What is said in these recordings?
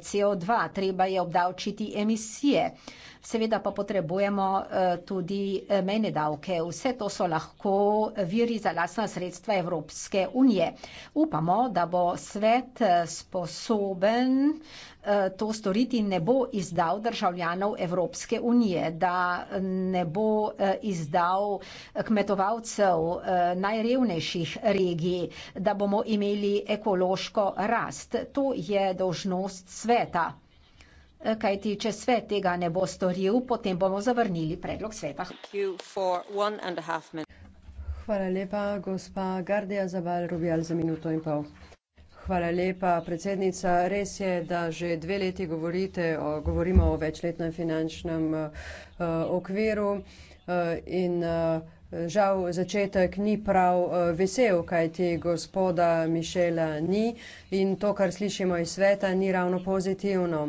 CO2, treba je obdavčiti emisije. Seveda pa potrebujemo eh, tudi eh, mejne davke. Vse to so lahko viri za lasna sredstva Evropske unije. Upamo, da bo svet eh, sposoben Eh, to storiti in ne bo izdal državljanov Evropske unije, da ne bo eh, izdal eh, kmetovalcev najrevnejših regij, da bomo imeli ekološko rast. To je dožnost sveta. Kaj ti, če svet tega ne bo storil, potem bomo zavrnili predlog sveta. Hvala lepa, gospa Gardija Zabal, Rubijal, za minuto in pol. Hvala lepa, predsednica. Res je, da že dve leti govorite, o, govorimo o večletnem finančnem uh, okviru uh, in uh, Žal začetek ni prav vesel, kaj ti gospoda Mišela ni in to, kar slišimo iz sveta, ni ravno pozitivno.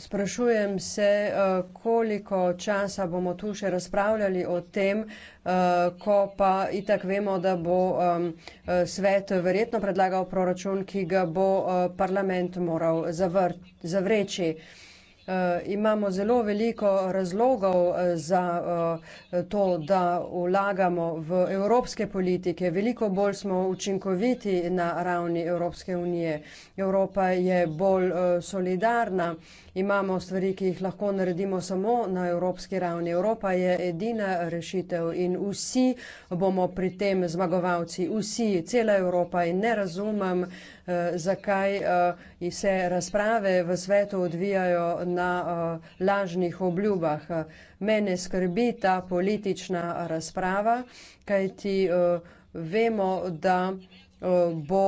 Sprašujem se, eh, koliko časa bomo tu še razpravljali o tem, eh, ko pa itak vemo, da bo eh, svet verjetno predlagal proračun, ki ga bo parlament moral zavreči. Eh, imamo zelo veliko razlogov eh, za eh, to, da vlagamo v evropske politike. Veliko bolj smo učinkoviti na ravni Evropske unije. Evropa je bolj solidarna. Imamo stvari, ki jih lahko naredimo samo na evropski ravni. Evropa je edina rešitev in vsi bomo pri tem zmagovalci. Vsi, cela Evropa in ne razumem, Eh, zakaj eh, se razprave v svetu odvijajo na eh, lažnih obljubah. Mene skrbi ta politična razprava, kajti vemo, da bo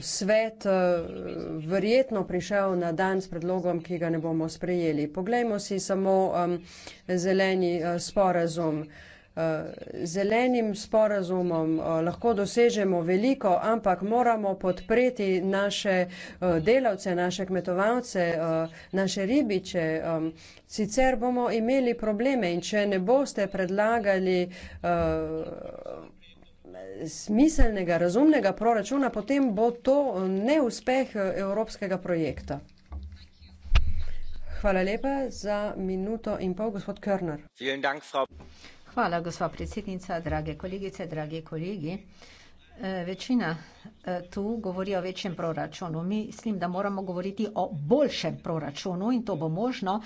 svet verjetno prišel na dan s predlogom, ki ga ne bomo sprejeli. Poglejmo si samo zeleni sporazum. Eh, zelenim sporazumom eh, lahko dosežemo veliko, ampak moramo podpreti naše eh, delavce, naše kmetovalce, naše ribiče. Sicer bomo imeli probleme in če ne boste predlagali smiselnega, razumnega proračuna, potem bo to neuspeh evropskega projekta. Hvala lepa za minuto in pol, gospod Körner. Hvala, gospa predsednica, drage kolegice, drage kolegi. E, večina e, tu govori o večjem proračunu. Mislim, da moramo govoriti o boljšem proračunu in to bo možno,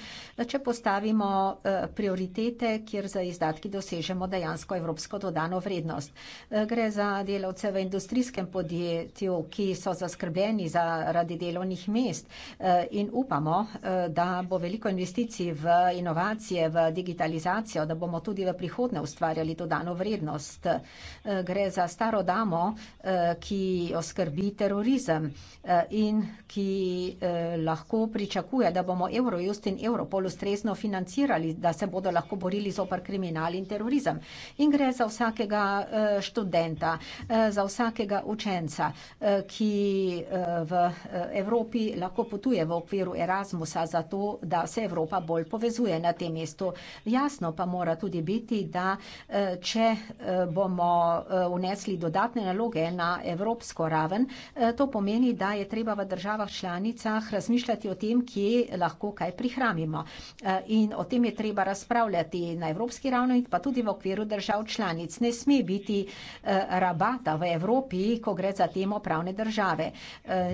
če postavimo e, prioritete, kjer za izdatki dosežemo dejansko evropsko dodano vrednost. Gre za delavce v industrijskem podjetju, ki so zaskrbljeni zaradi delovnih mest in upamo, da bo veliko investicij v inovacije, v digitalizacijo, da bomo tudi v prihodnje ustvarjali dodano vrednost. Gre za staro damo, imamo, eh, ki oskrbi terorizem eh, in ki eh, lahko pričakuje, da bomo Eurojust in Europol ustrezno financirali, da se bodo lahko borili zopr kriminal in terorizem. In gre za vsakega študenta, za vsakega učenca, ki v Evropi lahko potuje v okviru Erasmusa za to, da se Evropa bolj povezuje na tem mestu. Jasno pa mora tudi biti, da če bomo vnesli dodatne naloge na evropsko raven. E, to pomeni, da je treba v državah članicah razmišljati o tem, kje lahko kaj prihramimo. E, in o tem je treba razpravljati na evropski ravni, pa tudi v okviru držav članic. Ne sme biti e, rabata v Evropi, ko gre za temo pravne države.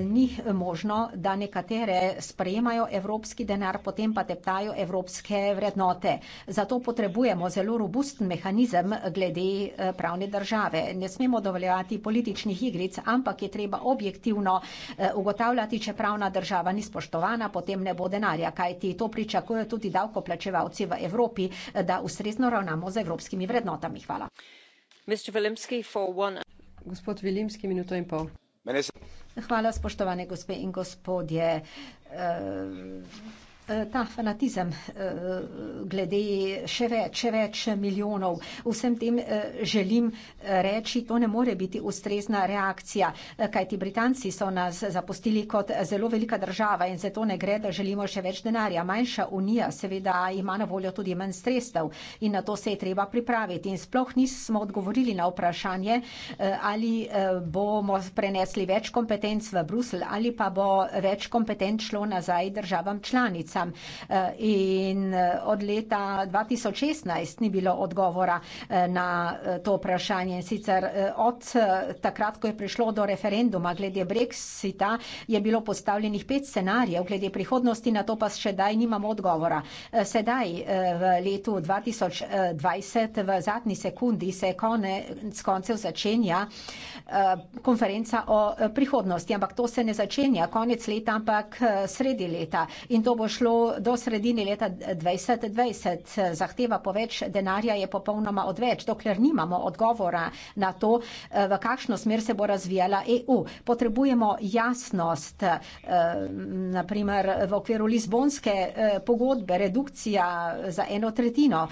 Ni možno, da nekatere sprejemajo evropski denar, potem pa teptajo evropske vrednote. Zato potrebujemo zelo robusten mehanizem glede pravne države. Ne smemo dovoljati igrati političnih igric, ampak je treba objektivno eh, ugotavljati, če pravna država ni spoštovana, potem ne bo denarja, kajti to pričakujejo tudi davkoplačevalci v Evropi, eh, da ustrezno ravnamo z evropskimi vrednotami. Hvala. Gospod Vilimski, minuto in pol. Hvala, spoštovane gospe in gospodje. Uh... Eh, ta fanatizem eh, glede še več, še več milijonov, vsem tem eh, želim reči, to ne more biti ustrezna reakcija, kajti Britanci so nas zapustili kot zelo velika država in zato ne gre, da želimo še več denarja. Manjša unija seveda ima na voljo tudi manj stresstev in na to se je treba pripraviti. In sploh nismo odgovorili na vprašanje, ali bomo prenesli več kompetenc v Brusel ali pa bo več kompetenc šlo nazaj državam članic. Ukrajincam. Eh, in eh, od leta 2016 ni bilo odgovora eh, na to vprašanje. Sicer od takrat, ko je prišlo do referenduma glede Brexita, je bilo postavljenih pet scenarijev glede prihodnosti, na to pa sedaj nimamo odgovora. Sedaj v letu 2020 v zadnji sekundi se konec koncev začenja konferenca o prihodnosti, ampak to se ne začenja konec leta, ampak sredi leta. In to bo šlo prišlo do sredine leta 2020. Zahteva po več denarja je popolnoma odveč, dokler nimamo odgovora na to, eh, v kakšno smer se bo razvijala EU. Potrebujemo jasnost, eh, naprimer v okviru Lizbonske eh, pogodbe, redukcija za eno tretjino.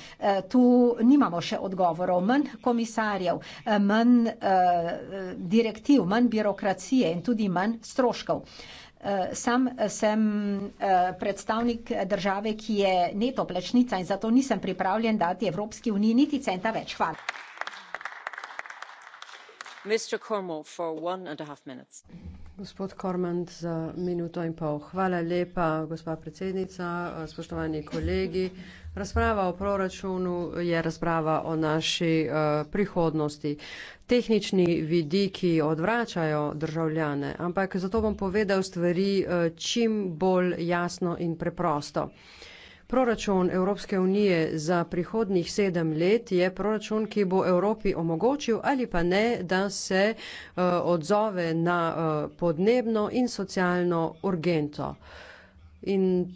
Tu nimamo še odgovorov. Mn komisarjev, mn direktiv, mn birokracije in tudi mn stroškov. Eh, sam eh, sem eh, predstavnik države, ki je neto plačnica in zato nisem pripravljen dati Evropski uniji niti centa več. Hvala. Mr. Cornwall for one and a half minutes. Gospod Kormand za minuto in pol. Hvala lepa, gospa predsednica, spoštovani kolegi. Razprava o proračunu je razprava o naši uh, prihodnosti. Tehnični vidiki odvračajo državljane, ampak zato bom povedal stvari uh, čim bolj jasno in preprosto. Proračun Evropske unije za prihodnjih sedem let je proračun, ki bo Evropi omogočil ali pa ne, da se uh, odzove na uh, podnebno in socialno urgento. In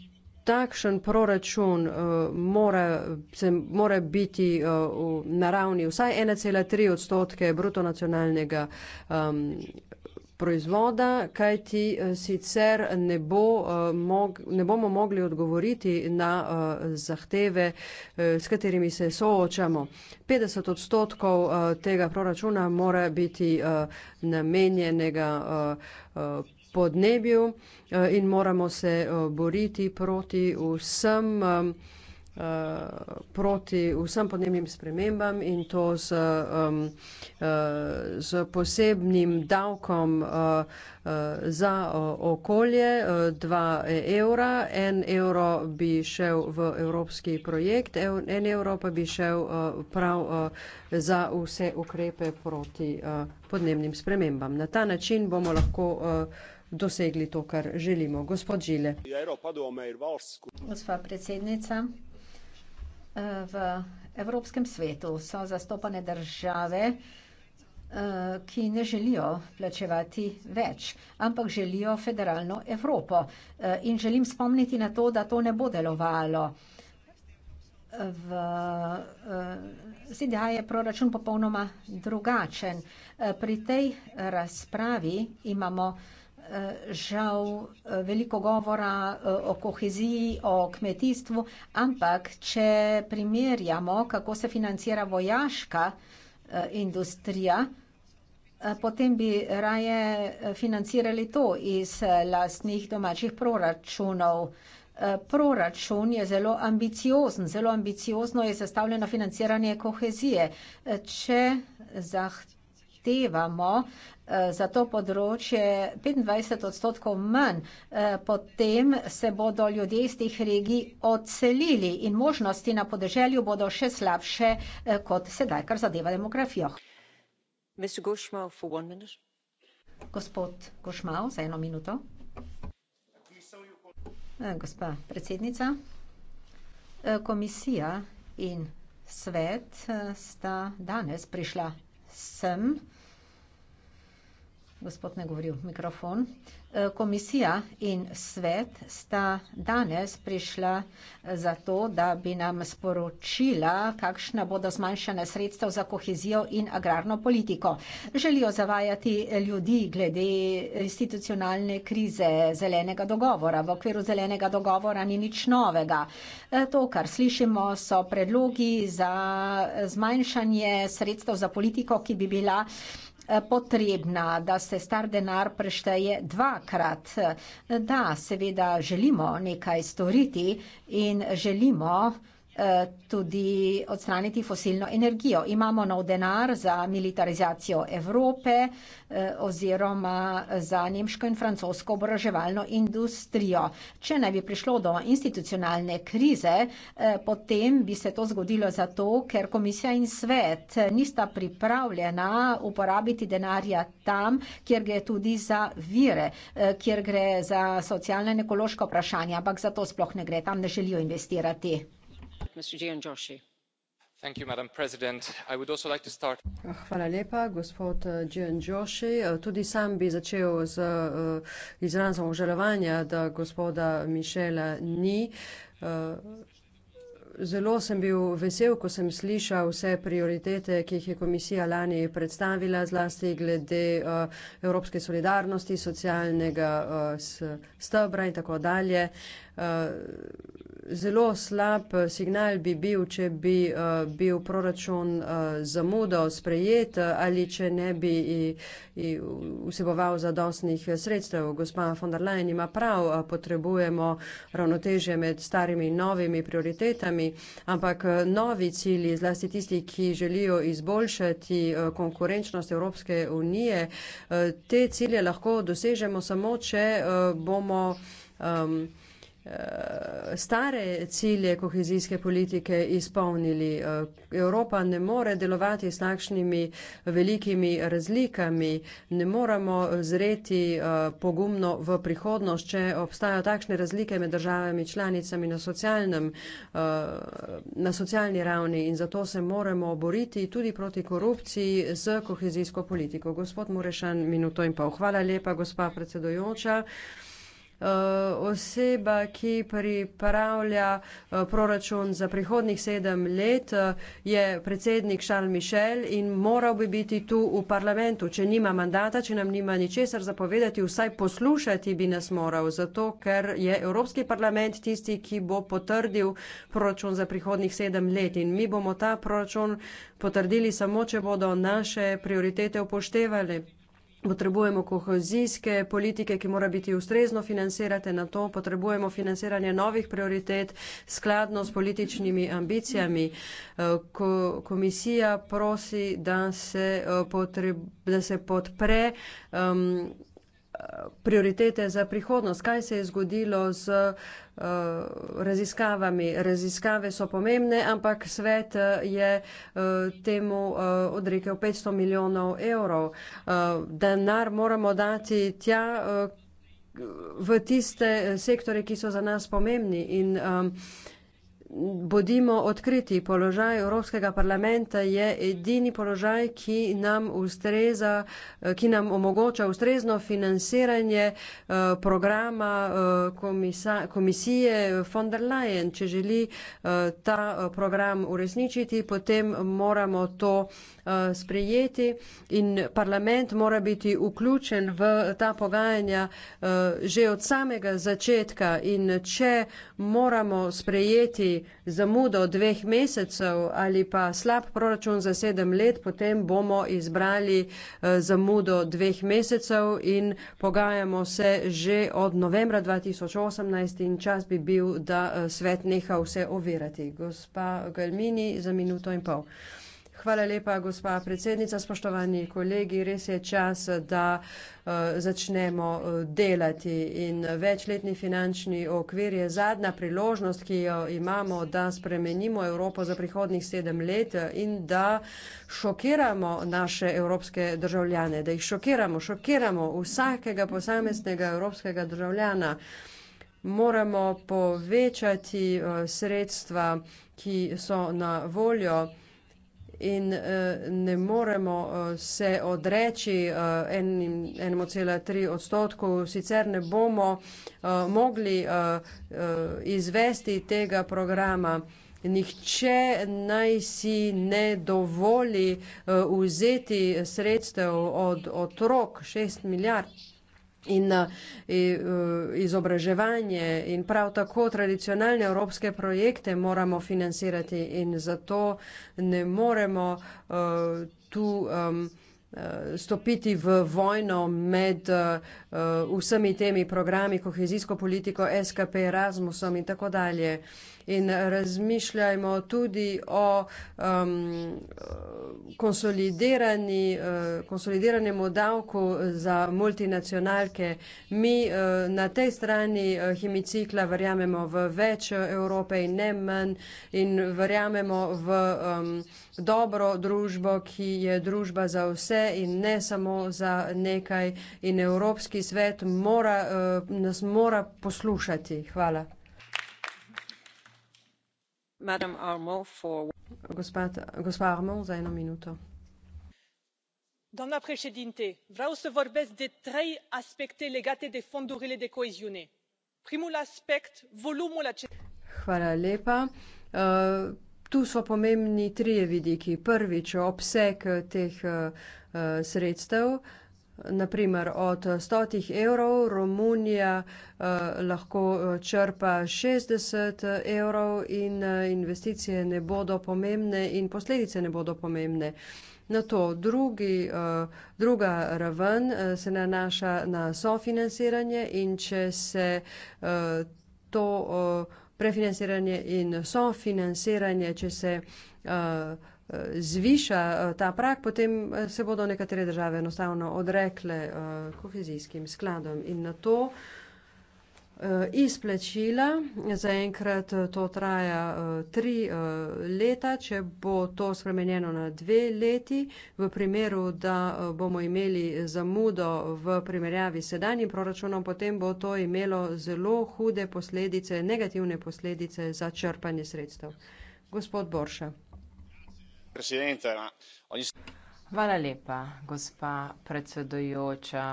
takšen proračun uh, mora, se, mora biti uh, v, na ravni vsaj 1,3 odstotke brutonacionalnega um, ehm, proizvoda, kajti eh, sicer ne, bo, eh, mog, ne bomo mogli odgovoriti na eh, zahteve, s katerimi se soočamo. 50 odstotkov tega proračuna mora biti namenjenega podnebju in moramo se boriti proti vsem uh, proti vsem podnebnim spremembam in to z, um, uh, z posebnim davkom uh, uh, za uh, okolje, 2 uh, evra, 1 evro bi šel v evropski projekt, 1 evro pa bi šel uh, prav uh, za vse ukrepe proti uh, podnebnim spremembam. Na ta način bomo lahko uh, dosegli to, kar želimo. Gospod Žile. Gospa predsednica, V Evropskem svetu so zastopane države, eh, ki ne želijo plačevati več, ampak želijo federalno Evropo. Eh, in želim spomniti na to, da to ne bo delovalo. V eh, ZDA je proračun popolnoma drugačen. Pri tej razpravi imamo žal eh, veliko govora eh, o koheziji, o kmetijstvu, ampak če primerjamo, kako se financira vojaška eh, industrija, potem bi raje financirali to iz lastnih domačih proračunov. Proračun je zelo ambiciozen, zelo ambiciozno je zastavljeno financiranje kohezije. Če zahtevamo, zahtevamo eh, za to področje 25 odstotkov manj, eh, potem se bodo ljudje iz teh regij odselili in možnosti na podeželju bodo še slabše eh, kot sedaj, kar zadeva demografijo. Gospod Gošmal, za eno minuto. Gospa predsednica, komisija in svet sta danes prišla sem, da se bodo ljudje iz teh regij odselili in možnosti na podeželju bodo še slabše kot sedaj, kar zadeva demografijo gospod ne govoril v mikrofon. E, komisija in svet sta danes prišla e, za to, da bi nam sporočila, kakšna bodo zmanjšana sredstva za kohezijo in agrarno politiko. Želijo zavajati ljudi glede institucionalne krize zelenega dogovora. V okviru zelenega dogovora ni nič novega. E, to, kar slišimo, so predlogi za zmanjšanje sredstev za politiko, ki bi bila potrebna, da se star denar prešteje dvakrat. Da, seveda želimo nekaj storiti in želimo, Eh, tudi odstraniti fosilno energijo. Imamo nov denar za militarizacijo Evrope eh, oziroma za nemško in francosko obraževalno industrijo. Če naj bi prišlo do institucionalne krize, eh, potem bi se to zgodilo zato, ker komisija in svet nista pripravljena uporabiti denarja tam, kjer gre tudi za vire, kjer gre za socialne in ekološke vprašanja, ampak za to sploh ne gre, tam ne želijo investirati madam president i would also like to start. hvala lepa gospod eh, gianciosi eh, tudi sam bi začel z eh, izrazom obžalovanja da gospoda michela ni. zelo sem bil vesel ko sem slišal vse prioritete ki jih je komisija lani predstavila zlasti glede evropske solidarnosti socialnega stebra in tako dalje zelo slab eh, signal bi bil, če bi uh, bil proračun uh, eh, zamudal sprejet ali če ne bi i, i vseboval zadostnih sredstev. Gospa von der Leyen ima prav, uh, potrebujemo ravnotežje med starimi in novimi prioritetami, ampak uh, novi cilji, zlasti tisti, ki želijo izboljšati uh, konkurenčnost Evropske unije, uh, te cilje lahko dosežemo samo, če uh, bomo um, Eh, stare cilje kohezijske politike izpolnili. Eh, Evropa ne more delovati s takšnimi velikimi razlikami, ne moramo zreti eh, pogumno v prihodnost, če obstajajo takšne razlike med državami članicami na, socialnem, na socialni ravni in zato se moramo boriti tudi proti korupciji z kohezijsko politiko. Gospod Murešan, minuto in pol. Hvala lepa, gospa predsedujoča. Eh, oseba, ki pripravlja eh, proračun za prihodnih sedem let, eh, je predsednik Charles Michel in moral bi biti tu v parlamentu. Če nima mandata, če nam nima ničesar zapovedati, vsaj poslušati bi nas moral, zato ker je Evropski parlament tisti, ki bo potrdil proračun za prihodnih sedem let in mi bomo ta proračun potrdili samo, če bodo naše prioritete upoštevali. Potrebujemo kohezijske politike, ki mora biti ustrezno financirate na to, potrebujemo financiranje novih prioritet skladno s političnimi ambicijami. Eh, komisija prosi, da se, eh, potreb, da se podpre um, prioritete za prihodnost, kaj se je zgodilo z uh, raziskavami. Raziskave so pomembne, ampak svet eh, je uh, temu uh, odrekel 500 milijonov evrov. Uh, denar moramo dati tja. Uh, v tiste sektore, ki so za nas pomembni. In, um bodimo odkriti, položaj Evropskega parlamenta je edini položaj, ki nam ustreza, ki nam omogoča ustrezno financiranje eh, programa eh, komisa, komisije von der Leyen. Če želi eh, ta program uresničiti, potem moramo to sprejeti in parlament mora biti vključen v ta pogajanja že od samega začetka in če moramo sprejeti zamudo dveh mesecev ali pa slab proračun za sedem let, potem bomo izbrali eh, zamudo dveh mesecev in pogajamo se že od novembra 2018 in čas bi bil, da eh, svet neha vse ovirati. Gospa Galmini, za minuto in pol. Hvala lepa, gospa predsednica. Spoštovani kolegi, res je čas, da eh, začnemo eh, delati in večletni finančni okvir je zadnja priložnost, ki jo imamo, da spremenimo Evropo za prihodnih sedem let in da šokiramo naše evropske državljane, da jih šokiramo, šokiramo vsakega posameznega evropskega državljana. Moramo povečati eh, sredstva, ki so na voljo in uh, ne moremo uh, se odreči uh, enim, enemu cela tri odstotkov, sicer ne bomo uh, mogli uh, uh, izvesti tega programa. Nihče naj si ne dovoli uh, vzeti sredstev od otrok 6 milijard in e, e, izobraževanje in prav tako tradicionalne evropske projekte moramo financirati in zato ne moremo e, tu stopiti v vojno med vsemi temi programi, kohezijsko politiko, SKP, Erasmusom in tako dalje in razmišljajmo tudi o um, konsolidirani, uh, konsolidiranemu davku za multinacionalke. Mi uh, na tej strani uh, hemicikla verjamemo v več Evrope in ne manj in verjamemo v um, dobro družbo, ki je družba za vse in ne samo za nekaj. In Evropski svet mora, uh, nas mora poslušati. Hvala doamnă președintă vreau să vorbesc de trei aspecte legate de fondurile de coeziune. primul aspect volumul acestora. Naprimer, od stotih evrov Romunija eh, lahko eh, črpa 60 evrov in eh, investicije ne bodo pomembne in posledice ne bodo pomembne. Na to drugi, eh, druga raven se nanaša na sofinanciranje in če se to prefinanciranje in sofinanciranje, če se Eh, zviša eh, ta prak, potem eh, se bodo nekatere države enostavno odrekle kohezijskim skladom in na to izplačila. Zaenkrat to traja tri leta, če bo to spremenjeno na dve leti. V primeru, da bomo imeli zamudo v primerjavi s sedanjim proračunom, potem bo to imelo zelo hude posledice, negativne posledice za črpanje sredstev. Gospod Borša. Hvala lepa, gospa predsedujoča.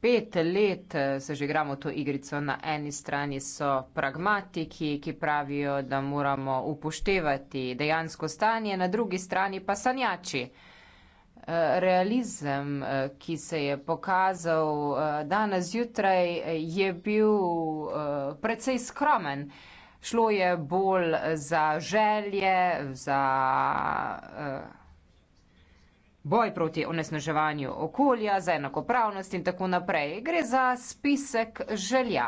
Pet let se že igramo to igrico. Na eni strani so pragmatiki, ki pravijo, da moramo upoštevati dejansko stanje, na drugi strani pa sanjači. Realizem, ki se je pokazal danes zjutraj, je bil precej skromen. Šlo je bolj za želje, za uh, boj proti onesnaževanju okolja, za enakopravnost in tako naprej. Gre za spisek želja.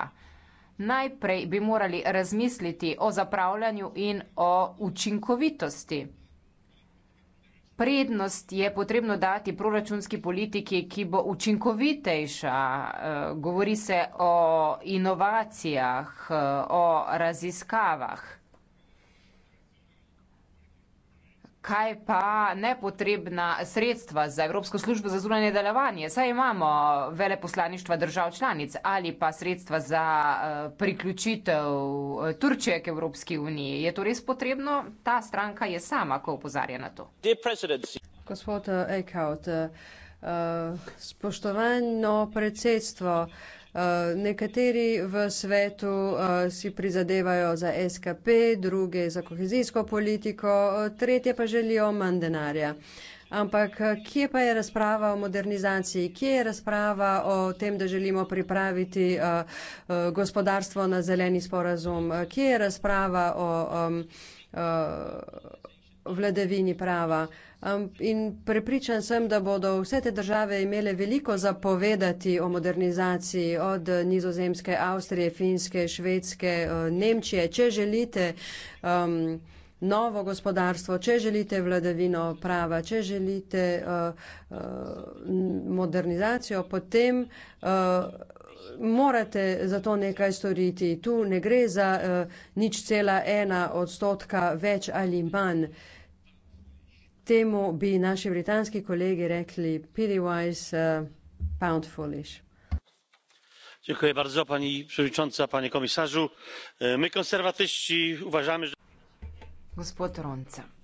Najprej bi morali razmisliti o zapravljanju in o učinkovitosti prednost je potrebno dati proračunski politiki, ki bo učinkovitejša. Eh, govori se o inovacijah, eh, o raziskavah. kaj pa nepotrebna sredstva za Evropsko službo za zunanje delovanje? Saj imamo veleposlaništva držav članic ali pa sredstva za eh, priključitev eh, Turčije k Evropski uniji. Je to res potrebno? Ta stranka je sama, ko opozarja na to. Gospod eh, Eichhout, spoštovano predsedstvo, Eh, nekateri v svetu eh, si prizadevajo za SKP, druge za kohezijsko politiko, eh, tretje pa želijo manj denarja. Ampak kje pa je razprava o modernizaciji, kje je razprava o tem, da želimo pripraviti uh, gospodarstvo na zeleni sporazum, kje je razprava o um, uh, vladavini prava. Um, in prepričan sem, da bodo vse te države imele veliko zapovedati o modernizaciji od nizozemske, Avstrije, Finske, Švedske, eh, Nemčije, če želite um, novo gospodarstvo, če želite vladavino prava, če želite uh, uh, modernizacijo, potem uh, morate za to nekaj storiti. Tu ne gre za uh, nič cela ena odstotka več ali manj. Uh, temu bi naši britanski kolegi rekli pennywise eh, pound foolish. Dziękuję bardzo pani przewodnicząca, panie komisarzu. E, my konserwatyści uważamy, że. Gospod Ronca.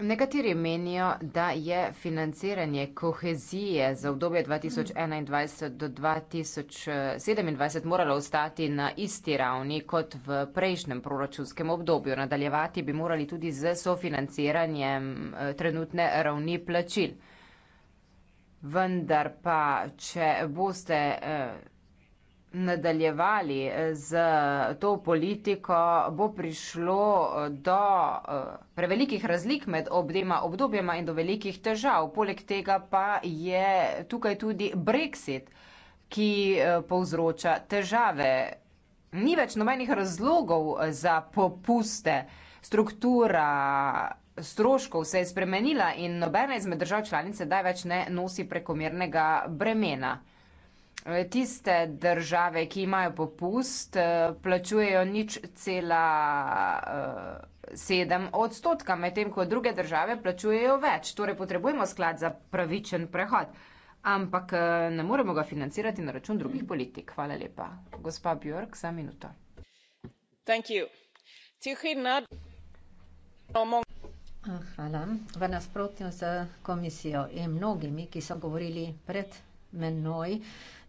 Nekateri menijo, da je financiranje kohezije za obdobje 2021 do 2027 moralo ostati na isti ravni kot v prejšnjem proračunskem obdobju. Nadaljevati bi morali tudi z sofinanciranjem eh, trenutne ravni plačil. Vendar pa, če boste. Eh, nadaljevali eh, z to politiko, bo prišlo eh, do eh, prevelikih razlik med obdema obdobjema in do velikih težav. Poleg tega pa je tukaj tudi Brexit, ki povzroča težave. Ni več nobenih razlogov za popuste. Struktura stroškov se je spremenila in nobena izmed držav članice daj več ne nosi prekomernega bremena tiste države, ki imajo popust, eh, plačujejo nič cela. Uh, eh, 7 odstotka, medtem ko druge države plačujejo več. Torej potrebujemo sklad za pravičen prehod, ampak eh, ne moremo ga financirati na račun drugih politik. Hvala lepa. Gospa Björk, za minuto. Hvala. V nasprotju z komisijo in mnogimi, ki so govorili pred menoj,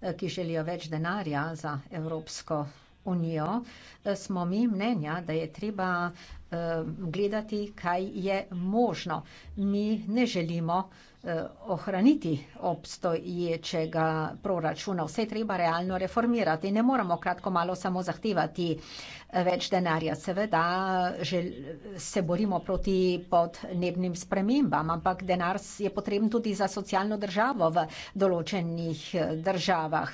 eh, ki želijo več denarja za Evropsko unijo, eh, smo mi mnenja, da je treba eh, gledati, kaj je možno. Mi ne želimo eh, ohraniti obstoječega proračuna. Vse je treba realno reformirati. Ne moremo kratko malo samo zahtevati več denarja. Seveda žel, se borimo proti podnebnim spremembam, ampak denar je potreben tudi za socialno državo v določenih državah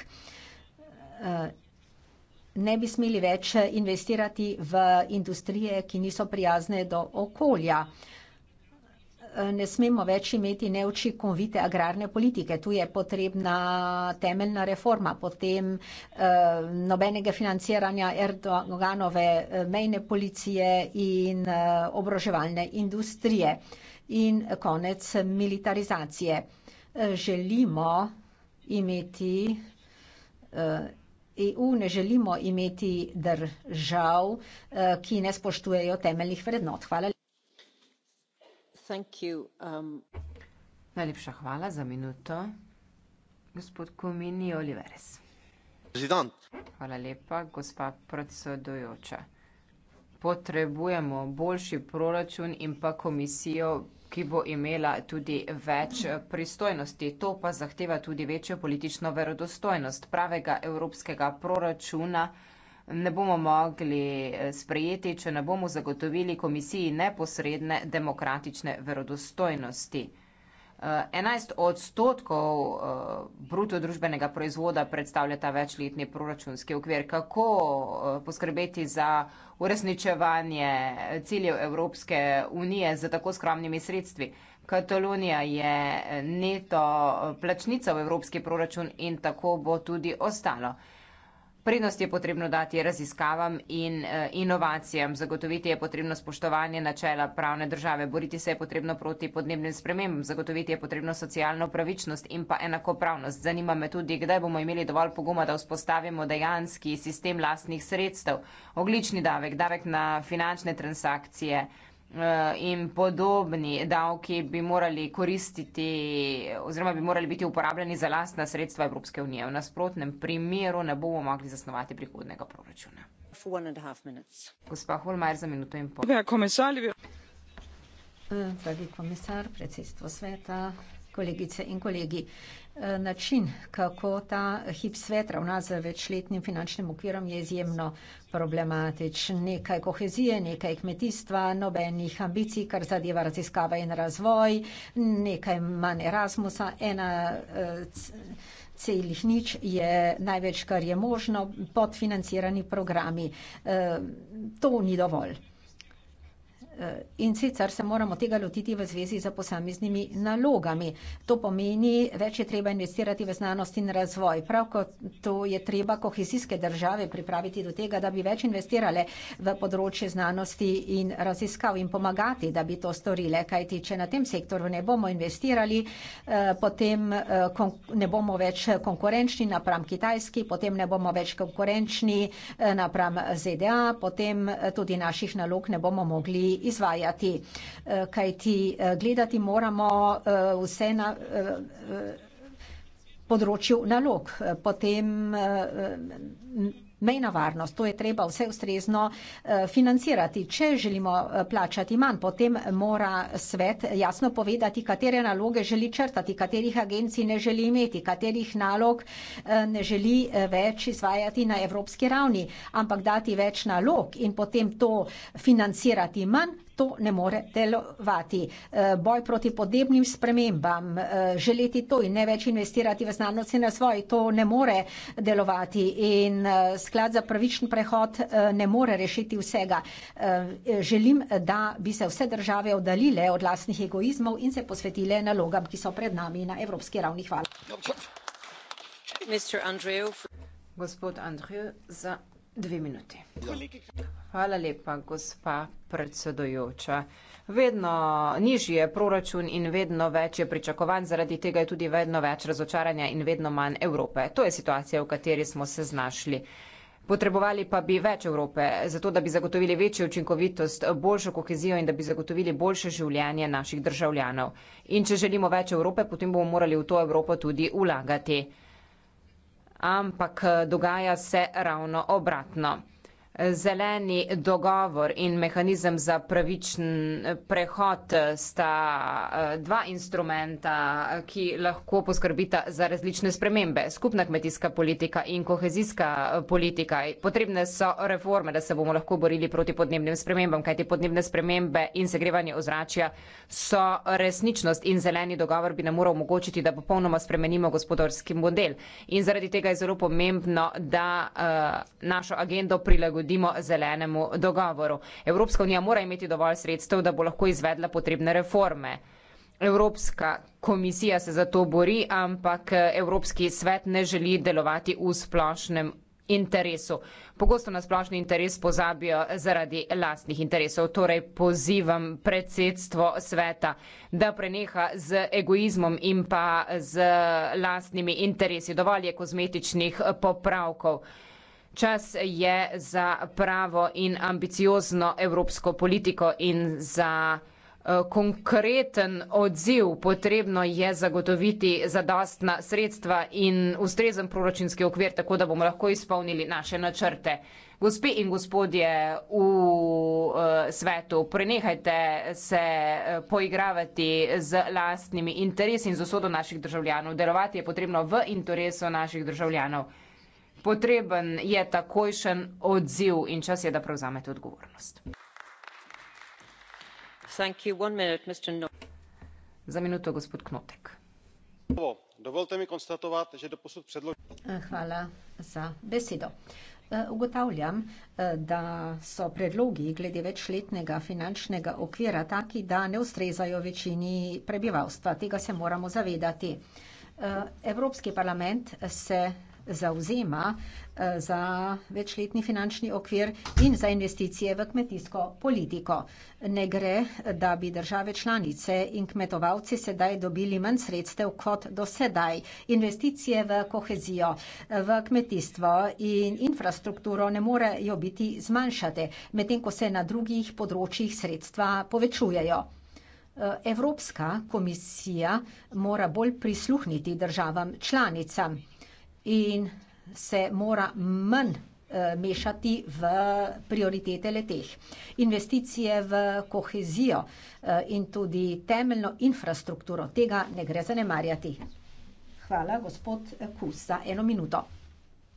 ne bi smeli več investirati v industrije, ki niso prijazne do okolja. Ne smemo več imeti neučinkovite agrarne politike. Tu je potrebna temeljna reforma, potem eh, nobenega financiranja Erdoganove eh, mejne policije in eh, obroževalne industrije in konec militarizacije. Eh, želimo imeti. Eh, EU ne želimo imeti držav, eh, ki ne spoštujejo temeljnih vrednot. Hvala. Um, Najlepša hvala za minuto. Gospod Comini Olivares. Hvala lepa, gospa predsedujoča. Potrebujemo boljši proračun in pa komisijo ki bo imela tudi več eh, pristojnosti. To pa zahteva tudi večjo politično verodostojnost pravega evropskega proračuna. Ne bomo mogli eh, sprejeti, če ne bomo zagotovili komisiji neposredne demokratične verodostojnosti. Eh, enajst odstotkov eh, bruto družbenega proizvoda predstavlja ta večletni proračunski okvir. Kako eh, poskrbeti za uresničevanje ciljev Evropske unije z tako skromnimi sredstvi? Katalonija je neto plačnica v evropski proračun in tako bo tudi ostalo prednost je potrebno dati raziskavam in eh, inovacijam, zagotoviti je potrebno spoštovanje načela pravne države, boriti se je potrebno proti podnebnim spremembam, zagotoviti je potrebno socialno pravičnost in pa enakopravnost. Zanima me tudi, kdaj bomo imeli dovolj poguma, da vzpostavimo dejanski sistem lastnih sredstev, oglični davek, davek na finančne transakcije. Eh, in podobni davki bi morali koristiti oziroma bi morali biti uporabljeni za lastna sredstva Evropske unije. V nasprotnem primeru ne bomo mogli zasnovati prihodnega proračuna. Gospa Holmajer, za minuto in pol. Eh, dragi komisar, predsedstvo sveta, kolegice in kolegi. E, način, kako ta hip svet ravna z večletnim finančnim okvirom, je izjemno problematičen. Nekaj kohezije, nekaj kmetijstva, nobenih ambicij, kar zadeva raziskava in razvoj, nekaj manj Erasmusa, ena e, celih nič je največ, kar je možno, podfinancirani programi. E, to ni dovolj. In sicer se moramo tega lotiti v zvezi z posameznimi nalogami. To pomeni, več je treba investirati v znanost in razvoj. Prav kot to je treba kohezijske države pripraviti do tega, da bi več investirale v področje znanosti in raziskav in pomagati, da bi to storile. Kajti, če na tem sektoru ne bomo investirali, eh, potem eh, ne bomo več konkurenčni napram Kitajski, potem ne bomo več konkurenčni eh, napram ZDA, potem tudi naših nalog ne bomo mogli izvajati. Eh, kajti eh, gledati moramo eh, vse na področju nalog. Potem mejna varnost, to je treba vse ustrezno eh, financirati. Če želimo eh, plačati manj, potem mora svet jasno povedati, katere naloge želi črtati, katerih agencij ne želi imeti, katerih nalog eh, ne želi več izvajati na evropski ravni, ampak dati več nalog in potem to financirati manj, to ne more delovati. Eh, boj proti podnebnim spremembam, eh, želeti to in ne več investirati v znanost in razvoj, to ne more delovati. In eh, sklad za pravičen prehod ne more rešiti vsega. Želim, da bi se vse države oddalile od lastnih egoizmov in se posvetile nalogam, ki so pred nami na evropski ravni. Hvala. Gospod Andrej, za. Dve minuti. Ja. Hvala lepa, gospa predsedojoča. Vedno nižji je proračun in vedno več je pričakovan, zaradi tega je tudi vedno več razočaranja in vedno manj Evrope. To je situacija, v kateri smo se znašli. Potrebovali pa bi več Evrope, zato da bi zagotovili večjo učinkovitost, boljšo kohezijo in da bi zagotovili boljše življenje naših državljanov. In če želimo več Evrope, potem bomo morali v to Evropo tudi ulagati ampak eh, dogaja se ravno obratno. Zeleni dogovor in mehanizem za pravičen eh, prehod eh, sta eh, dva instrumenta, ki lahko poskrbita za različne spremembe. Skupna kmetijska politika in kohezijska politika. Potrebne so reforme, da se bomo lahko borili proti podnebnim spremembam, kajti podnebne spremembe in segrevanje ozračja so resničnost in zeleni dogovor bi nam moral omogočiti, da popolnoma spremenimo gospodarski model. In zaradi tega je zelo pomembno, da uh, našo agendo prilagodimo prilagodimo zelenemu dogovoru. Evropska unija mora imeti dovolj sredstev, da bo lahko izvedla potrebne reforme. Evropska komisija se za to bori, ampak Evropski svet ne želi delovati v splošnem interesu. Pogosto na splošni interes pozabijo zaradi lastnih interesov. Torej pozivam predsedstvo sveta, da preneha z egoizmom in pa z lastnimi interesi. Dovolj je kozmetičnih popravkov. Čas je za pravo in ambiciozno evropsko politiko in za eh, konkreten odziv. Potrebno je zagotoviti zadostna sredstva in ustrezen proračunski okvir, tako da bomo lahko izpolnili naše načrte. Gospe in gospodje v uh, svetu, prenehajte se eh, poigravati z lastnimi interesi in z osodo naših državljanov. Delovati je potrebno v interesu naših državljanov. Potreben je takojšen odziv in čas je, da prevzamete odgovornost. No- za minuto, gospod Knotek. Dovolite mi konstatovati, že do posod predložil. Eh, hvala za besedo. Eh, ugotavljam, eh, da so predlogi glede večletnega finančnega okvira taki, da ne ustrezajo večini prebivalstva. Tega se moramo zavedati. Evropski parlament se zauzema eh, za večletni finančni okvir in za investicije v kmetijsko politiko. Ne gre, da bi države članice in kmetovalci sedaj dobili manj sredstev kot do sedaj. Investicije v kohezijo, v kmetijstvo in infrastrukturo ne morejo biti zmanjšate, medtem ko se na drugih področjih sredstva povečujejo. Eh, Evropska komisija mora bolj prisluhniti državam članicam in se mora manj eh, mešati v prioritete leteh. Investicije v kohezijo eh, in tudi temeljno infrastrukturo tega ne gre zanemarjati. Hvala, gospod Kus, za eno minuto.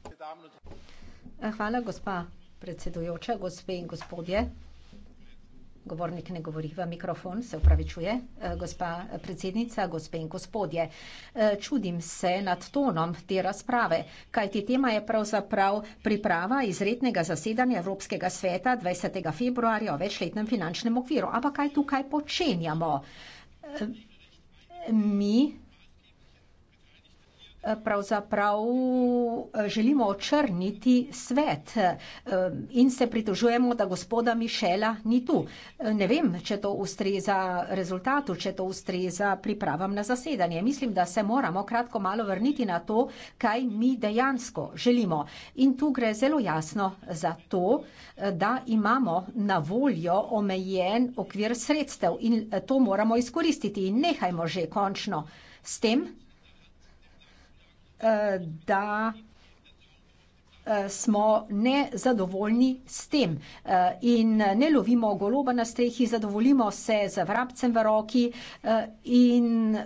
Eh, hvala, gospa predsedujoča, gospe in gospodje govornik ne govori v mikrofon, se upravičuje, eh, gospa eh, predsednica, gospe in gospodje. Eh, čudim se nad tonom te razprave, kajti tema je pravzaprav priprava izrednega zasedanja Evropskega sveta 20. februarja o večletnem finančnem okviru. Ampak kaj tukaj počenjamo? Mi pravzaprav eh, želimo očrniti svet eh, in se pritožujemo, da gospoda Mišela ni tu. Eh, ne vem, če to ustreza rezultatu, če to ustreza pripravam na zasedanje. Mislim, da se moramo kratko malo vrniti na to, kaj mi dejansko želimo. In tu gre zelo jasno za to, da imamo na voljo omejen okvir sredstev in to moramo izkoristiti in nehajmo že končno s tem, da eh, smo nezadovoljni s tem eh, in eh, ne lovimo goloba na strehi, zadovoljimo se z vrabcem v roki in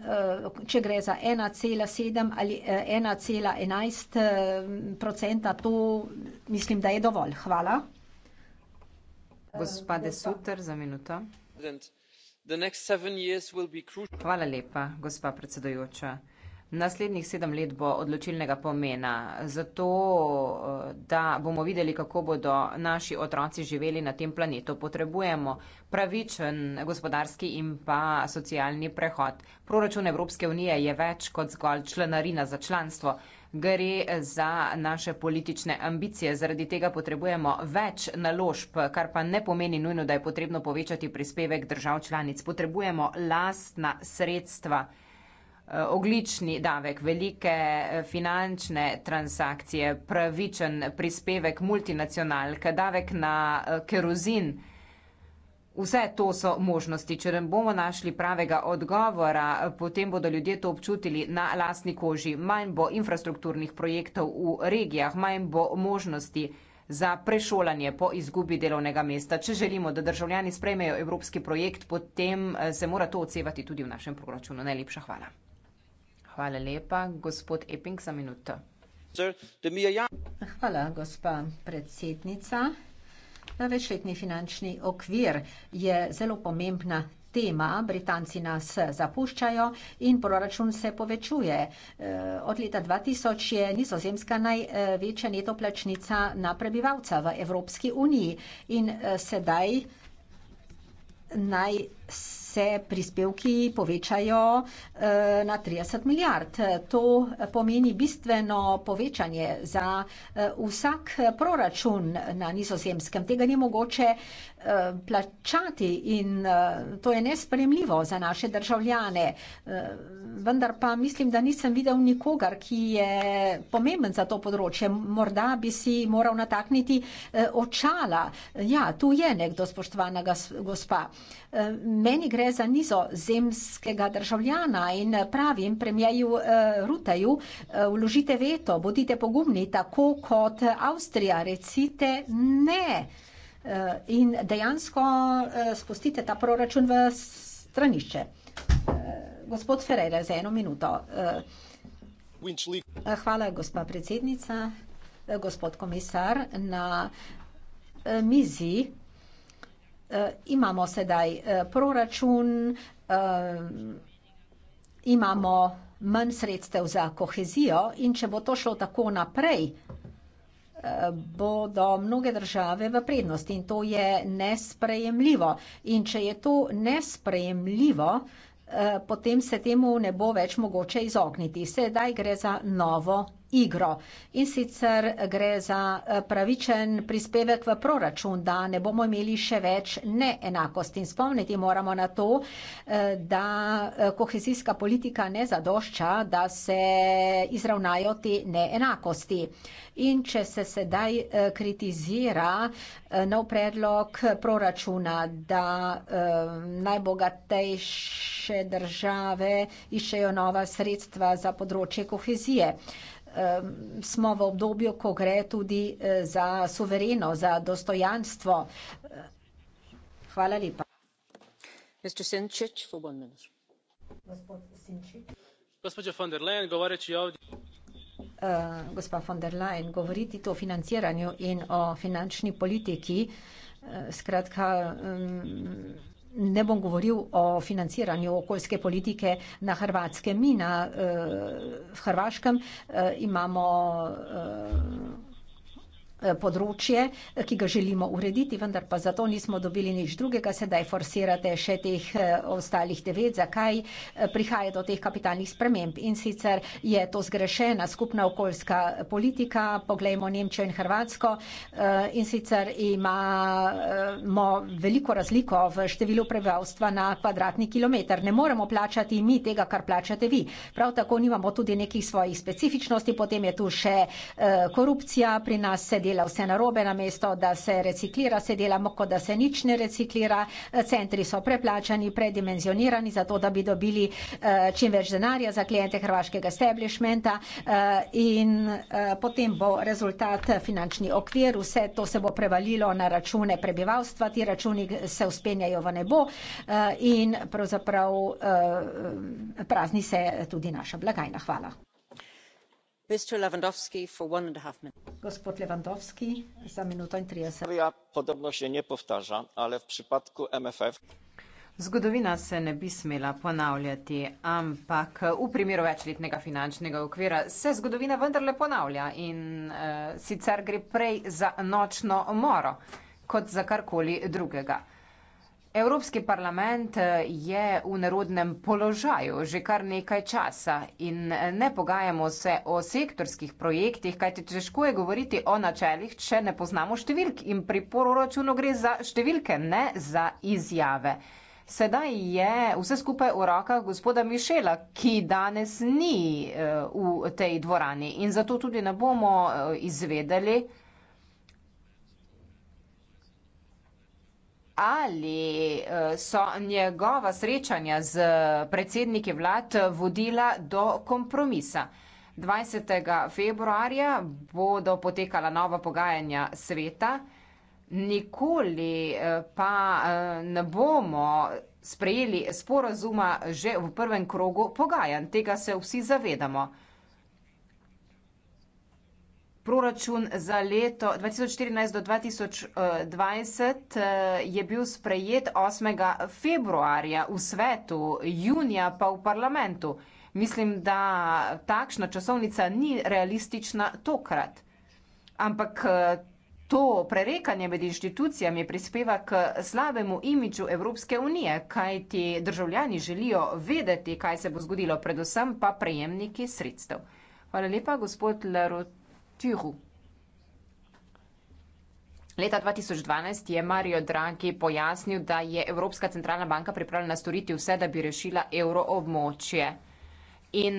če gre za 1,7 ali 1,11 procenta, to mislim, da je dovolj. Hvala. Gospa Desuter, za minuto. Hvala lepa, gospa predsedujoča. Naslednjih sedem let bo odločilnega pomena, zato eh, da bomo videli, kako bodo naši otroci živeli na tem planetu. Potrebujemo pravičen gospodarski in pa socialni prehod. Proračun Evropske unije je več kot zgolj članarina za članstvo. Gre za naše politične ambicije, zaradi tega potrebujemo več naložb, kar pa ne pomeni nujno, da je potrebno povečati prispevek držav članic. Potrebujemo lastna sredstva. Eh, oglični davek, velike eh, finančne transakcije, pravičen prispevek multinacionalk, davek na eh, kerozin. Vse to so možnosti. Če ne bomo našli pravega odgovora, potem bodo ljudje to občutili na lastni koži. Manj bo infrastrukturnih projektov v regijah, manj bo možnosti za prešolanje po izgubi delovnega mesta. Če želimo, da državljani sprejmejo evropski projekt, potem se mora to odsevati tudi v našem proračunu. Najlepša hvala. Hvala lepa. Gospod Epping za minuto. Ja- Hvala, gospa predsednica. Večletni finančni okvir je zelo pomembna tema. Britanci nas zapuščajo in proračun se povečuje. Eh, od leta 2000 je nizozemska največja netoplačnica na prebivalca v Evropski uniji in eh, sedaj naj se se prispevki povečajo eh, na 30 milijard. To pomeni bistveno povečanje za eh, vsak eh, proračun na nizozemskem. Tega ni mogoče Eh, plačati in eh, to je nespremljivo za naše državljane. Eh, vendar pa mislim, da nisem videl nikogar, ki je pomemben za to področje. Morda bi si moral natakniti očala. Ja, tu je nekdo spoštovana gospa. Meni gre za nizo zemskega državljana in pravim premijeju Rutaju, vložite veto, bodite pogumni, tako kot Avstrija, recite ne. Ne. Eh, in dejansko eh, spustite ta proračun v stranišče. Eh, gospod Ferreira, za eno minuto. Hvala, gospa predsednica, gospod komisar. Na mizi imamo sedaj proračun, imamo manj sredstev za kohezijo in če bo to šlo tako naprej, bodo mnoge države v prednosti in to je nesprejemljivo. In če je to nesprejemljivo, eh, potem se temu ne bo več mogoče izogniti. Sedaj gre za novo igro. In sicer gre za eh, pravičen prispevek v proračun, da ne bomo imeli še več neenakosti. In spomniti moramo na to, eh, da eh, kohezijska politika ne zadošča, da se izravnajo te neenakosti. In če se sedaj kritizira nov predlog proračuna, da najbogatejše države iščejo nova sredstva za področje kohezije smo v obdobju, ko gre tudi eh, za suvereno, za dostojanstvo. Hvala lepa. Gospa von der Leyen, govoreči ovdje... Eh, gospa von der Leyen, govoriti o financiranju in o finančni politiki, eh, skratka, ne bom govoril o financiranju okoljske politike na Hrvatskem. Mi na eh, Hrvaškem eh, imamo eh, Eh, področje, eh, ki ga želimo urediti, vendar pa zato nismo dobili nič drugega, sedaj forsirate še teh eh, ostalih devet, zakaj prihaja do teh kapitalnih sprememb. In sicer je to zgrešena skupna okoljska politika, poglejmo Nemčijo in Hrvatsko, in sicer imamo veliko razliko v številu prebivalstva na kvadratni kilometr. Ne moremo plačati mi tega, kar plačate vi. Prav tako nimamo tudi nekih svojih specifičnosti, potem je tu še korupcija, pri nas se dela dela vse narobe, namesto da se reciklira, se dela kot da se nič ne reciklira. Centri so preplačani, predimenzionirani, zato da bi dobili eh, čim več denarja za klijente hrvaškega establishmenta eh, in eh, potem bo rezultat finančni okvir, vse to se bo prevalilo na račune prebivalstva, ti računi se uspenjajo v nebo in pravzaprav prazni se tudi naša blagajna. Hvala gospod lewandowski za minuto in trideset sekund. historija podobno še ne povtarja ampak v primeru mff. zgodovina se ne bi smela ponavljati ampak v primeru večletnega finančnega okvira se zgodovina vendarle ponavlja in uh, sicer gre prej za nočno moro kot za karkoli drugega. Evropski parlament eh, je v nerodnem položaju že kar nekaj časa in eh, ne pogajamo se o sektorskih projektih, kajti težko je govoriti o načeljih, če ne poznamo številk in pri proračunu gre za številke, ne za izjave. Sedaj je vse skupaj v rokah gospoda Mišela, ki danes ni eh, v tej dvorani in zato tudi ne bomo izvedeli, ali eh, so njegova srečanja z predsedniki vlad vodila do kompromisa. 20. februarja bodo potekala nova pogajanja sveta, nikoli eh, pa eh, ne bomo sprejeli sporazuma že v prvem krogu pogajanj. Tega se vsi zavedamo proračun za leto 2014 do 2020 eh, je bil sprejet 8. februarja v svetu, junija pa v parlamentu. Mislim, da takšna časovnica ni realistična tokrat. Ampak eh, to prerekanje med inštitucijami prispeva k slabemu imiču Evropske unije, kaj ti državljani želijo vedeti, kaj se bo zgodilo, predvsem pa prejemniki sredstev. Hvala lepa, gospod Larot. Tiru. Leta 2012 je Mario Draghi pojasnil, da je Evropska centralna banka pripravljena storiti vse, da bi rešila evroobmočje. In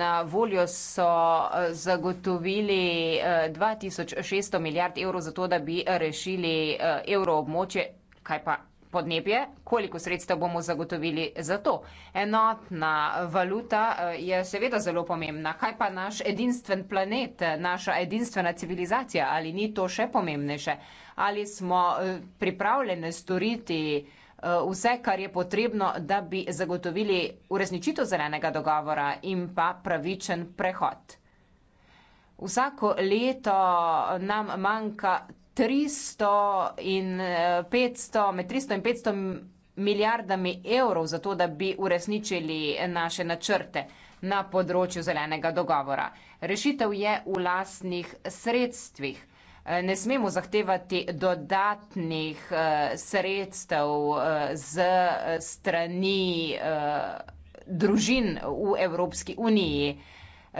na voljo so zagotovili 2600 eh, milijard evrov za to, da bi rešili eh, evroobmočje. Kaj pa podnebje, koliko sredstev bomo zagotovili za to. Enotna valuta eh, je seveda zelo pomembna. Kaj pa naš edinstven planet, naša edinstvena civilizacija? Ali ni to še pomembnejše? Ali smo eh, pripravljeni storiti eh, vse, kar je potrebno, da bi zagotovili uresničitev zelenega dogovora in pa pravičen prehod? Vsako leto nam manjka 300 in 500, eh, med 300 in 500 milijardami evrov za to, da bi uresničili naše načrte na področju zelenega dogovora. Rešitev je v lastnih sredstvih. Eh, ne smemo zahtevati dodatnih eh, sredstev z strani družin v Evropski uniji.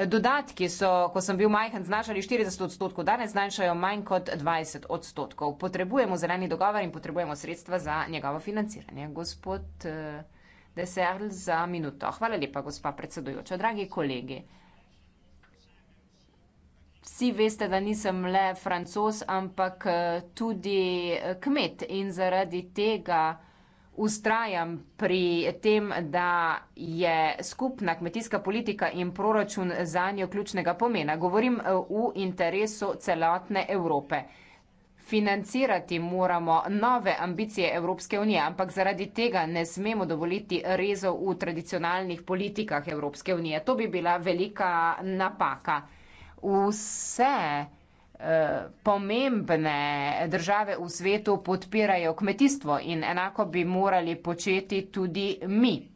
Dodatki so, ko sem bil majhen, znašali 40 odstotkov, danes znašajo manj kot 20 odstotkov. Potrebujemo zeleni dogovor in potrebujemo sredstva za njegovo financiranje. Gospod eh, Deserl za minuto. Hvala lepa, gospa predsedujoča. Dragi kolegi, vsi veste, da nisem le francos, ampak eh, tudi eh, kmet in zaradi tega ustrajam pri tem, da je skupna kmetijska politika in proračun za njo ključnega pomena. Govorim eh, v interesu celotne Evrope. Financirati moramo nove ambicije Evropske unije, ampak zaradi tega ne smemo dovoliti rezov v tradicionalnih politikah Evropske unije. To bi bila velika napaka. Vse pomembne države v svetu podpirajo kmetijstvo in enako bi morali početi tudi mi.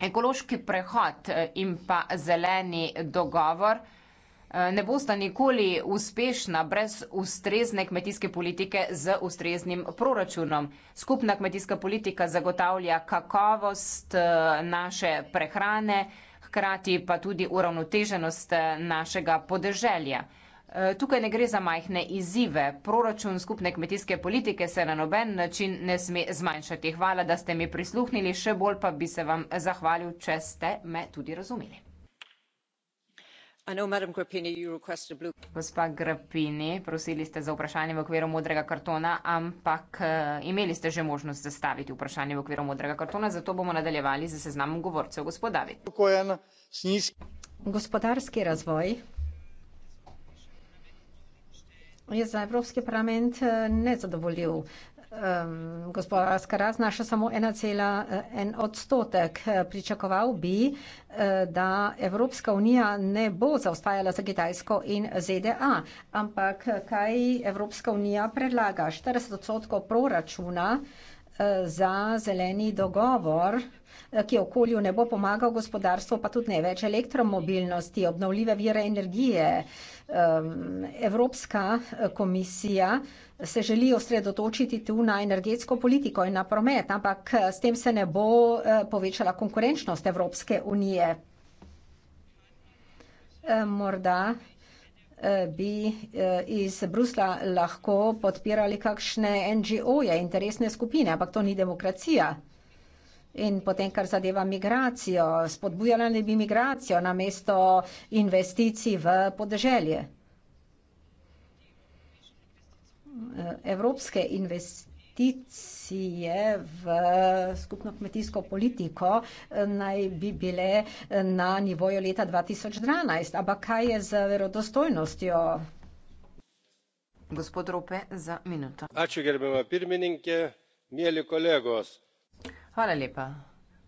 Ekološki prehod eh, in pa zeleni dogovor eh, ne bosta nikoli uspešna brez ustrezne kmetijske politike z ustreznim proračunom. Skupna kmetijska politika zagotavlja kakovost eh, naše prehrane, hkrati pa tudi uravnoteženost našega podeželja. Eh, tukaj ne gre za majhne izzive. Proračun skupne kmetijske politike se na noben način ne sme zmanjšati. Hvala, da ste mi prisluhnili, še bolj pa bi se vam zahvalil, če ste me tudi razumeli. Gospa Grapini, prosili ste za vprašanje v okviru modrega kartona, ampak eh, imeli ste že možnost zastaviti vprašanje v okviru modrega kartona, zato bomo nadaljevali z seznamom govorcev. Gospod David. Gospodarski razvoj je za Evropski parlament eh, nezadovoljiv. Um, gospodarska rast naša samo 1,1 eh, odstotek. Eh, pričakoval bi, da Evropska unija ne bo zaostajala za Kitajsko in ZDA. Ampak kaj Evropska unija predlaga? 40 odstotkov proračuna uh, za zeleni dogovor, ki okolju ne bo pomagal, gospodarstvo pa tudi ne več elektromobilnosti, obnovljive vire energije. Evropska eh, komisija eh, se želi osredotočiti tu na energetsko politiko in na promet, ampak eh, s tem se ne bo povečala konkurenčnost Evropske unije. Morda bi eh, iz Brusla lahko podpirali kakšne NGO-je, interesne skupine, ampak to ni demokracija. In potem, kar zadeva migracijo, spodbujala ne bi migracijo na mesto investicij v podeželje. Eh, evropske investicije si je v skupno kmetijsko politiko eh, naj bi bile eh, na nivoju leta 2012. Ampak kaj je z verodostojnostjo? Gospod Rope, za minuto. Hvala lepa,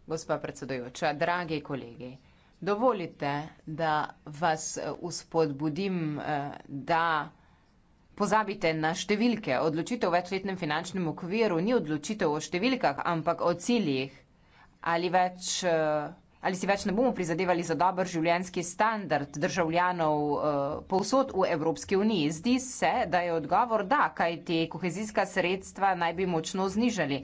gospa predsedujoča. Dragi kolegi, dovolite, da vas uspodbudim, eh, da. Pozabite na številke. Odločitev o večletnem finančnem okviru ni odločitev o številkah, ampak o ciljih. Ali, več, eh, ali si več ne bomo prizadevali za dober življenski standard državljanov eh, povsod v Evropski uniji? Zdi se, da je odgovor da, kaj ti kohezijska sredstva naj bi močno znižali.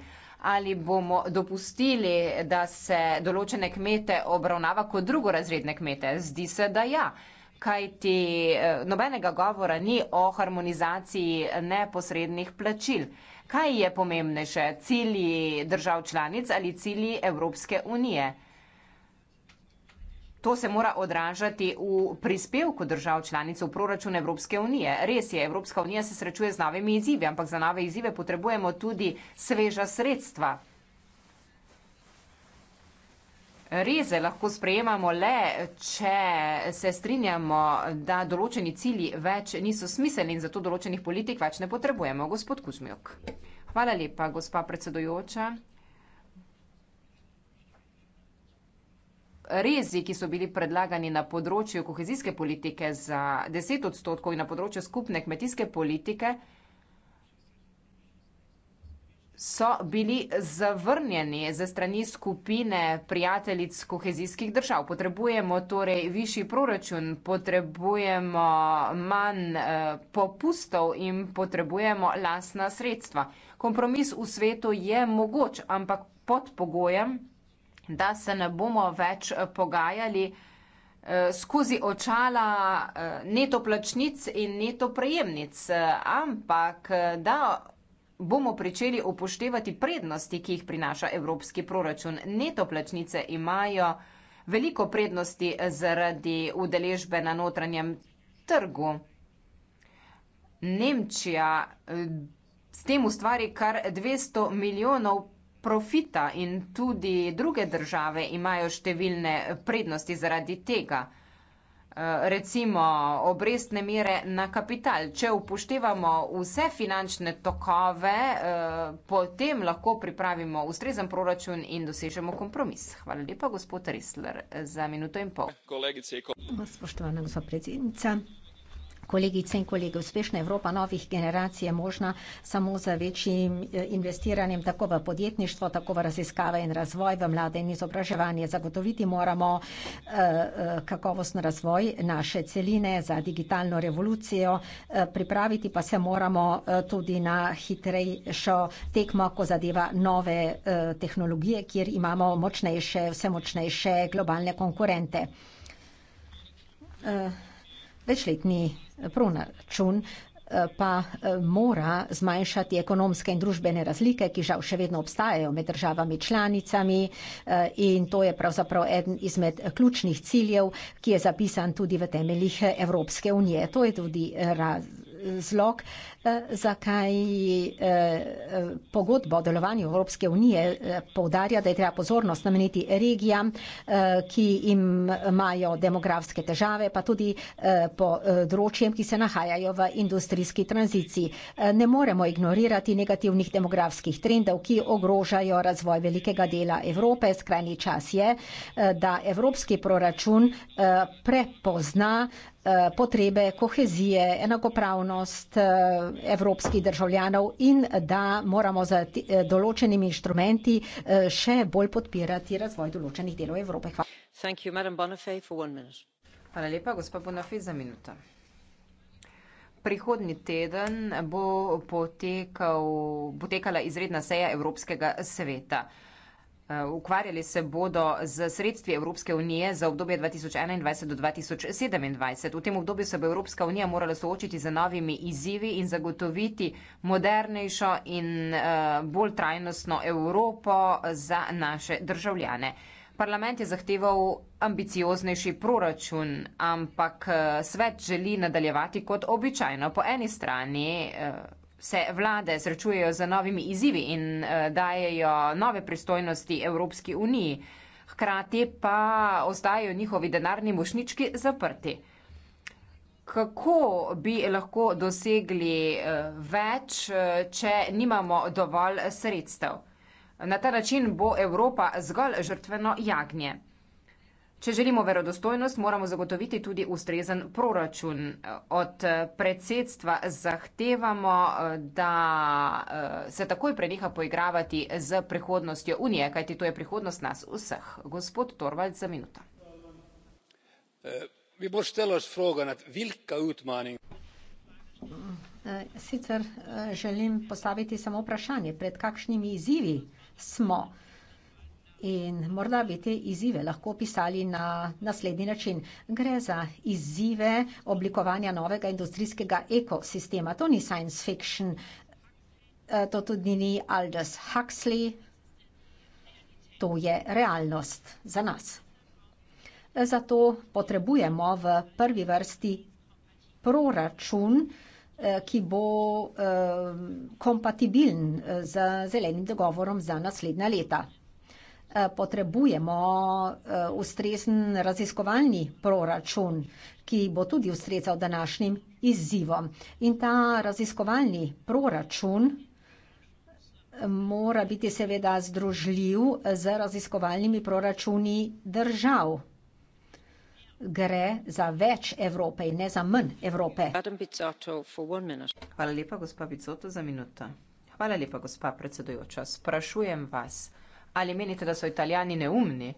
Ali bomo dopustili, da se določene kmete obravnava kot drugorazredne kmete? Zdi se, da ja kajti eh, nobenega govora ni o harmonizaciji neposrednih plačil. Kaj je pomembnejše, cilji držav članic ali cilji Evropske unije? To se mora odražati v prispevku držav članic v proračun Evropske unije. Res je, Evropska unija se srečuje z novimi izzivi, ampak za nove izzive potrebujemo tudi sveža sredstva. Reze lahko sprejemamo le, če se strinjamo, da določeni cilji več niso smiselni in zato določenih politik več ne potrebujemo. Gospod Kuzmjok. Hvala lepa, gospa predsedojoča. Rezi, ki so bili predlagani na področju kohezijske politike za 10 odstotkov in na področju skupne kmetijske politike, so bili zavrnjeni ze strani skupine prijateljic kohezijskih držav. Potrebujemo torej višji proračun, potrebujemo manj eh, popustov in potrebujemo lasna sredstva. Kompromis v svetu je mogoč, ampak pod pogojem, da se ne bomo več eh, pogajali eh, skozi očala netoplačnic in netoprejemnic, ampak da bomo pričeli upoštevati prednosti, ki jih prinaša evropski proračun. Neto plačnice imajo veliko prednosti zaradi udeležbe na notranjem trgu. Nemčija eh, s tem ustvari kar 200 milijonov profita in tudi druge države imajo številne prednosti zaradi tega recimo obrestne mere na kapital. Če upoštevamo vse finančne tokove, eh, potem lahko pripravimo ustrezen proračun in dosežemo kompromis. Hvala lepa, gospod Resler, za minuto in pol. Kolegice, kolegice. Spoštovana gospa predsednica kolegice in kolegi, uspešna Evropa novih generacij je možna samo za večjim eh, investiranjem tako v podjetništvo, tako v raziskave in razvoj, v mlade in izobraževanje. Zagotoviti moramo eh, eh, kakovosten razvoj naše celine za digitalno revolucijo, pripraviti pa se moramo tudi na hitrejšo tekmo, ko zadeva nove tehnologije, kjer imamo močnejše, vse močnejše globalne konkurente večletni proračun eh, pa eh, mora zmanjšati ekonomske in družbene razlike, ki žal še vedno obstajajo med državami članicami eh, in to je pravzaprav eden izmed ključnih ciljev, ki je zapisan tudi v temeljih Evropske unije. To je tudi razlog, zlog, eh, zakaj eh, pogodba o delovanju Evropske unije eh, povdarja, da je treba pozornost nameniti regijam, ki imajo demografske težave, pa tudi področjem, ki se nahajajo v industrijski tranziciji. Ne moremo ignorirati negativnih demografskih trendov, ki ogrožajo razvoj velikega dela Evrope. Skrajni čas je, da evropski proračun prepozna Eh, potrebe kohezije, enakopravnost eh, evropskih državljanov in da moramo z eh, določenimi inštrumenti še bolj podpirati razvoj določenih delov Evrope. Hvala. Thank you, Madam Bonafé, for one minute. Hvala lepa, gospa Bonafé, za minuto. Prihodni teden bo potekal, potekala izredna seja Evropskega sveta. Eh, ukvarjali se bodo z sredstvi Evropske unije za obdobje 2021 do 2027. V tem obdobju se bo Evropska unija morala soočiti z novimi izzivi in zagotoviti modernejšo in eh, bolj trajnostno Evropo za naše državljane. Parlament je zahteval ambicioznejši proračun, ampak eh, svet želi nadaljevati kot običajno. Po eni strani. Eh, se vlade srečujejo z novimi izzivi in eh, dajejo nove pristojnosti Evropski uniji, hkrati pa ostajajo njihovi denarni mošnički zaprti. Kako bi lahko dosegli eh, več, eh, če nimamo dovolj sredstev? Na ta način bo Evropa zgolj žrtveno jagnje. Če želimo verodostojnost, moramo zagotoviti tudi ustrezen proračun. Od eh, predsedstva zahtevamo, eh, da eh, se takoj preneha poigravati z prihodnostjo Unije, kajti to je prihodnost nas vseh. Gospod Torvald, za minuto. Sicer želim postaviti samo vprašanje, pred kakšnimi izzivi smo. In morda bi te izzive lahko opisali na naslednji način. Gre za izzive oblikovanja novega industrijskega ekosistema. To ni science fiction, e, to tudi ni Aldous Huxley, to je realnost za nas. E, zato potrebujemo v prvi vrsti proračun, e, ki bo kompatibilen z zelenim dogovorom za naslednja leta. Eh, potrebujemo eh, ustrezen raziskovalni proračun, ki bo tudi ustrezal današnjim izzivom. In ta raziskovalni proračun eh, mora biti seveda združljiv z raziskovalnimi proračuni držav. Gre za več Evrope in ne za manj Evrope. Hvala lepa, gospa Bizzotto, za minuto. Hvala lepa, gospa predsedujoča. Sprašujem vas, Ali menite, da so italijani neumni?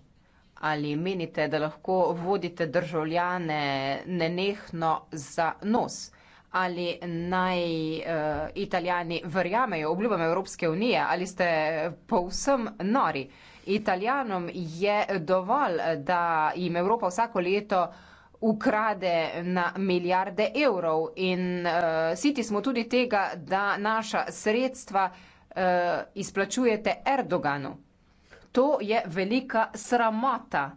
Ali menite, da lahko vodite državljane nenehno za nos? Ali naj uh, italijani verjamejo obljubam Evropske unije? Ali ste povsem nori? Italijanom je dovolj, da jim Evropa vsako leto ukrade na milijarde evrov in uh, siti smo tudi tega, da naša sredstva uh, izplačujete Erdoganu to je velika sramota.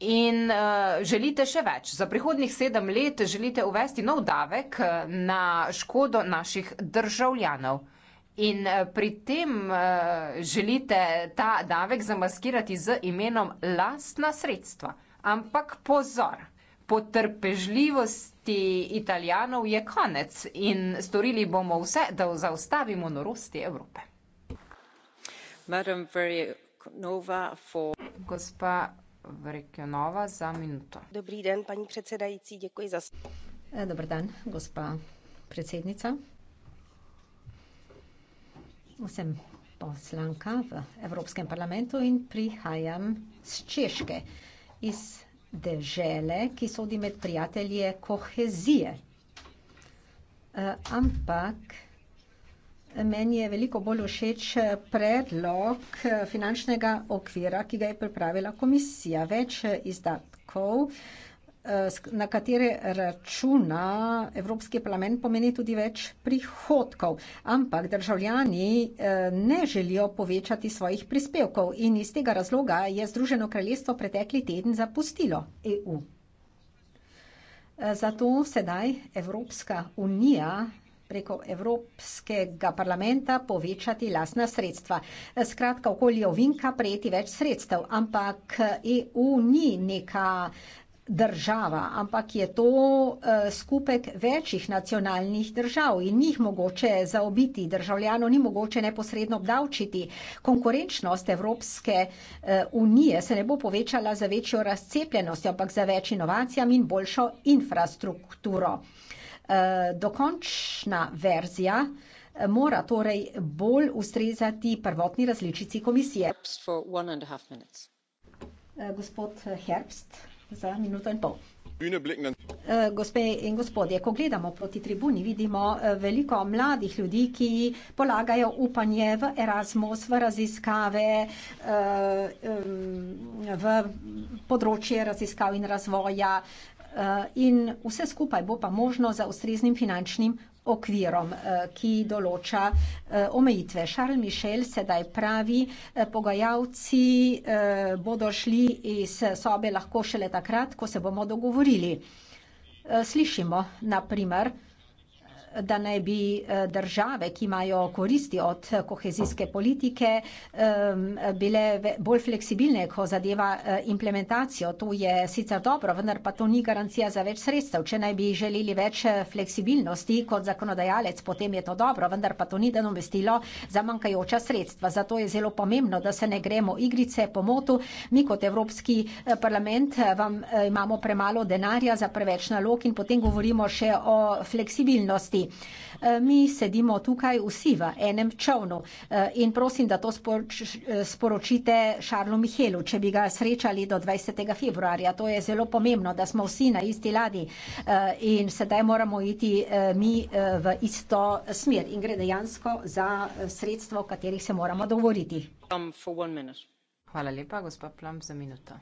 In uh, želite še več. Za prihodnih sedem let želite uvesti nov davek eh, na škodo naših državljanov. In eh, pri tem uh, želite ta davek zamaskirati z imenom lastna sredstva. Ampak pozor, potrpežljivosti italijanov je konec in storili bomo vse, da zaustavimo norosti Evrope. Dobrý den, paní předsedající, děkuji za eh,... Dober dan, gospa predsednica. Sem poslanka v Evropskem parlamentu in prihajam s Češke, iz dežele, ki sodi med prijatelje kohezije. Eh, ampak Meni je veliko bolj všeč eh, predlog eh, finančnega okvira, ki ga je pripravila komisija. Več eh, izdatkov, na katere računa Evropski parlament, pomeni tudi več prihodkov. Ampak državljani, ne želijo povečati svojih prispevkov in iz tega razloga je Združeno kraljestvo pretekli teden zapustilo EU. zato sedaj Evropska unija preko Evropskega parlamenta povečati lasna sredstva. Skratka, okoli ovinka prejeti več sredstev, ampak EU ni neka država, ampak je to e, skupek večjih nacionalnih držav in njih mogoče zaobiti, državljano ni mogoče neposredno obdavčiti. Konkurenčnost Evropske e, unije se ne bo povečala za večjo razcepljenost, ampak za več inovacijami in boljšo infrastrukturo. Eh, dokončna verzija eh, mora torej bolj ustrezati prvotni različici komisije. Eh, gospod Herbst, za minuto in pol. Gospe in gospodje, ko gledamo proti tribuni, vidimo veliko mladih ljudi, ki polagajo upanje v Erasmus, v raziskave, v področje raziskav in razvoja, Eh, in vse skupaj bo pa možno za ustreznim finančnim okvirom, eh, ki določa eh, omejitve. Charles Michel sedaj pravi, pogajalci bodo šli iz sobe lahko šele takrat, ko se bomo dogovorili. Slišimo, na primer, da ne bi eh, države, ki imajo koristi od eh, kohezijske politike, bile bolj fleksibilne, ko zadeva eh, implementacijo. To je sicer dobro, vendar pa to ni garancija za več sredstev. Če naj bi želeli več fleksibilnosti kot zakonodajalec, potem je to dobro, vendar pa to ni dano vestilo za manjkajoča sredstva. Zato je zelo pomembno, da se ne gremo igrice po motu. Mi kot Evropski parlament vam imamo premalo denarja za preveč nalog in potem govorimo še o fleksibilnosti. Eh, mi sedimo tukaj vsi v enem čovnu eh, in prosim, da to sporočite Šarlu Mihelu, če bi ga srečali do 20. februarja. To je zelo pomembno, da smo vsi na isti ladi eh, in sedaj moramo iti mi v isto smer in gre dejansko za sredstvo, o katerih se moramo dovoriti. Hvala lepa, gospa Plam, za minuto.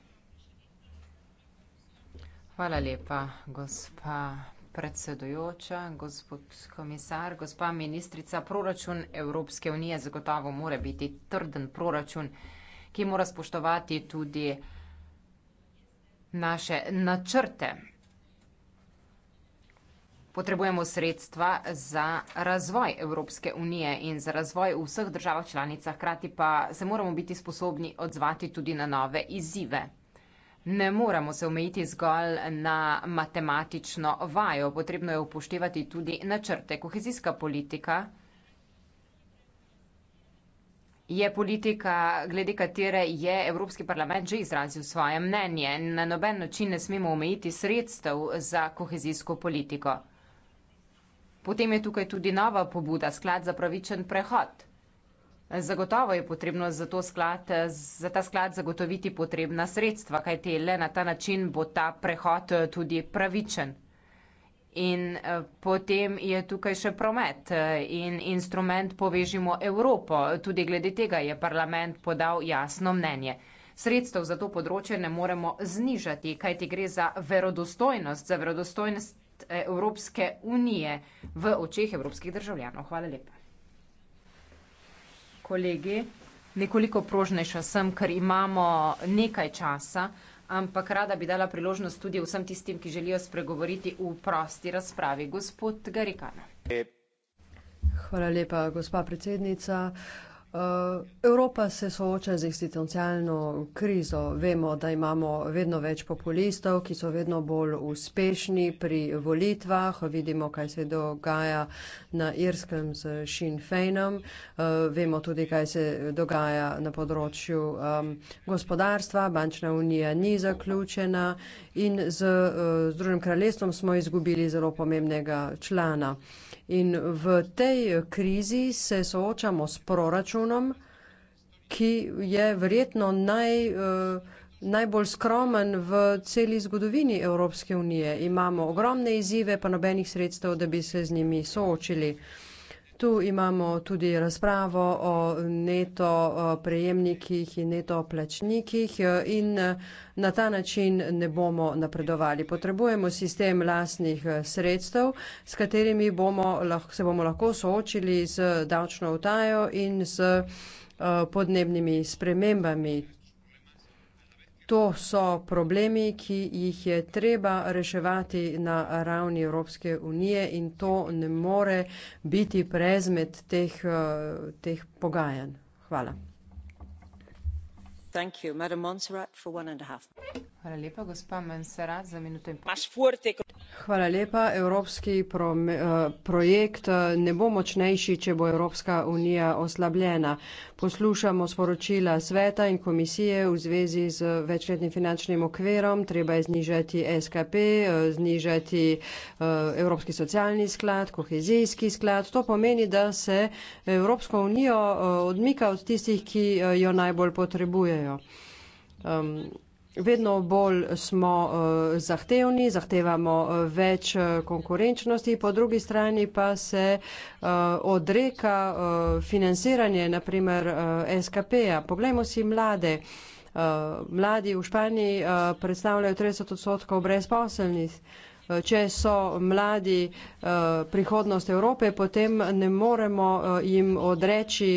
Hvala lepa, gospa predsedujoča, gospod komisar, gospa ministrica, proračun Evropske unije zagotovo mora biti trden proračun, ki mora spoštovati tudi naše načrte. Potrebujemo sredstva za razvoj Evropske unije in za razvoj v vseh državah članicah, hkrati pa se moramo biti sposobni odzvati tudi na nove izzive. Ne moramo se omejiti zgolj na matematično vajo, potrebno je upoštevati tudi načrte. Kohezijska politika je politika, glede katere je Evropski parlament že izrazil svoje mnenje. Na noben način ne smemo omejiti sredstev za kohezijsko politiko. Potem je tukaj tudi nova pobuda, sklad za pravičen prehod. Zagotovo je potrebno za, sklad, za ta sklad zagotoviti potrebna sredstva, kajte le na ta način bo ta prehod tudi pravičen. In eh, potem je tukaj še promet eh, in instrument Povežimo Evropo. Tudi glede tega je parlament podal jasno mnenje. Sredstev za to področje ne moremo znižati, kajte gre za verodostojnost, za verodostojnost eh, Evropske unije v očeh evropskih državljanov. Hvala lepa kolegi. Nekoliko prožnejša sem, ker imamo nekaj časa, ampak rada bi dala priložnost tudi vsem tistim, ki želijo spregovoriti v prosti razpravi. Gospod Garikana. E, Hvala lepa, gospa predsednica. Uh, Eh, Evropa se sooča z eksistencialno krizo. Vemo, da imamo vedno več populistov, ki so vedno bolj uspešni pri volitvah. Vidimo, kaj se dogaja na Irskem z Sinn Feinom. Eh, vemo tudi, kaj se dogaja na področju gospodarstva. Bančna unija ni zaključena in z eh, Združenim kraljestvom smo izgubili zelo pomembnega člana. In v tej krizi se soočamo s proračunom proračunom, ki je verjetno naj, eh, najbolj skromen v celi zgodovini Evropske unije. Imamo ogromne izzive, pa nobenih sredstev, da bi se z njimi soočili. Tu imamo tudi razpravo o neto eh, prejemnikih in neto plačnikih eh, in eh, na ta način ne bomo napredovali. Potrebujemo sistem lasnih sredstev, s katerimi bomo, se bomo lahko soočili z davčno vtajo in s podnebnimi spremembami. To so problemi, ki jih je treba reševati na ravni Evropske unije in to ne more biti prezmet teh, eh, teh pogajanj. Hvala. Thank you, Madam Montserrat, for one and a half. Hvala lepa, gospa Montserrat, za minuto in pol. Hvala lepa. Evropski pro, eh, projekt eh, ne bo močnejši, če bo Evropska unija oslabljena. Poslušamo sporočila sveta in komisije v zvezi z večletnim finančnim okverom. Treba je znižati SKP, eh, znižati eh, Evropski socialni sklad, kohezijski sklad. To pomeni, da se Evropsko unijo eh, odmika od tistih, ki jo najbolj potrebujejo. Um, Vedno bolj smo eh, zahtevni, zahtevamo eh, več eh, konkurenčnosti, po drugi strani pa se odreka financiranje, naprimer SKP-ja. Poglejmo si mlade. Mladi v Španiji predstavljajo 30 odstotkov brezposelnih. Eh, če so mladi eh, prihodnost Evrope, potem ne moremo eh, jim odreči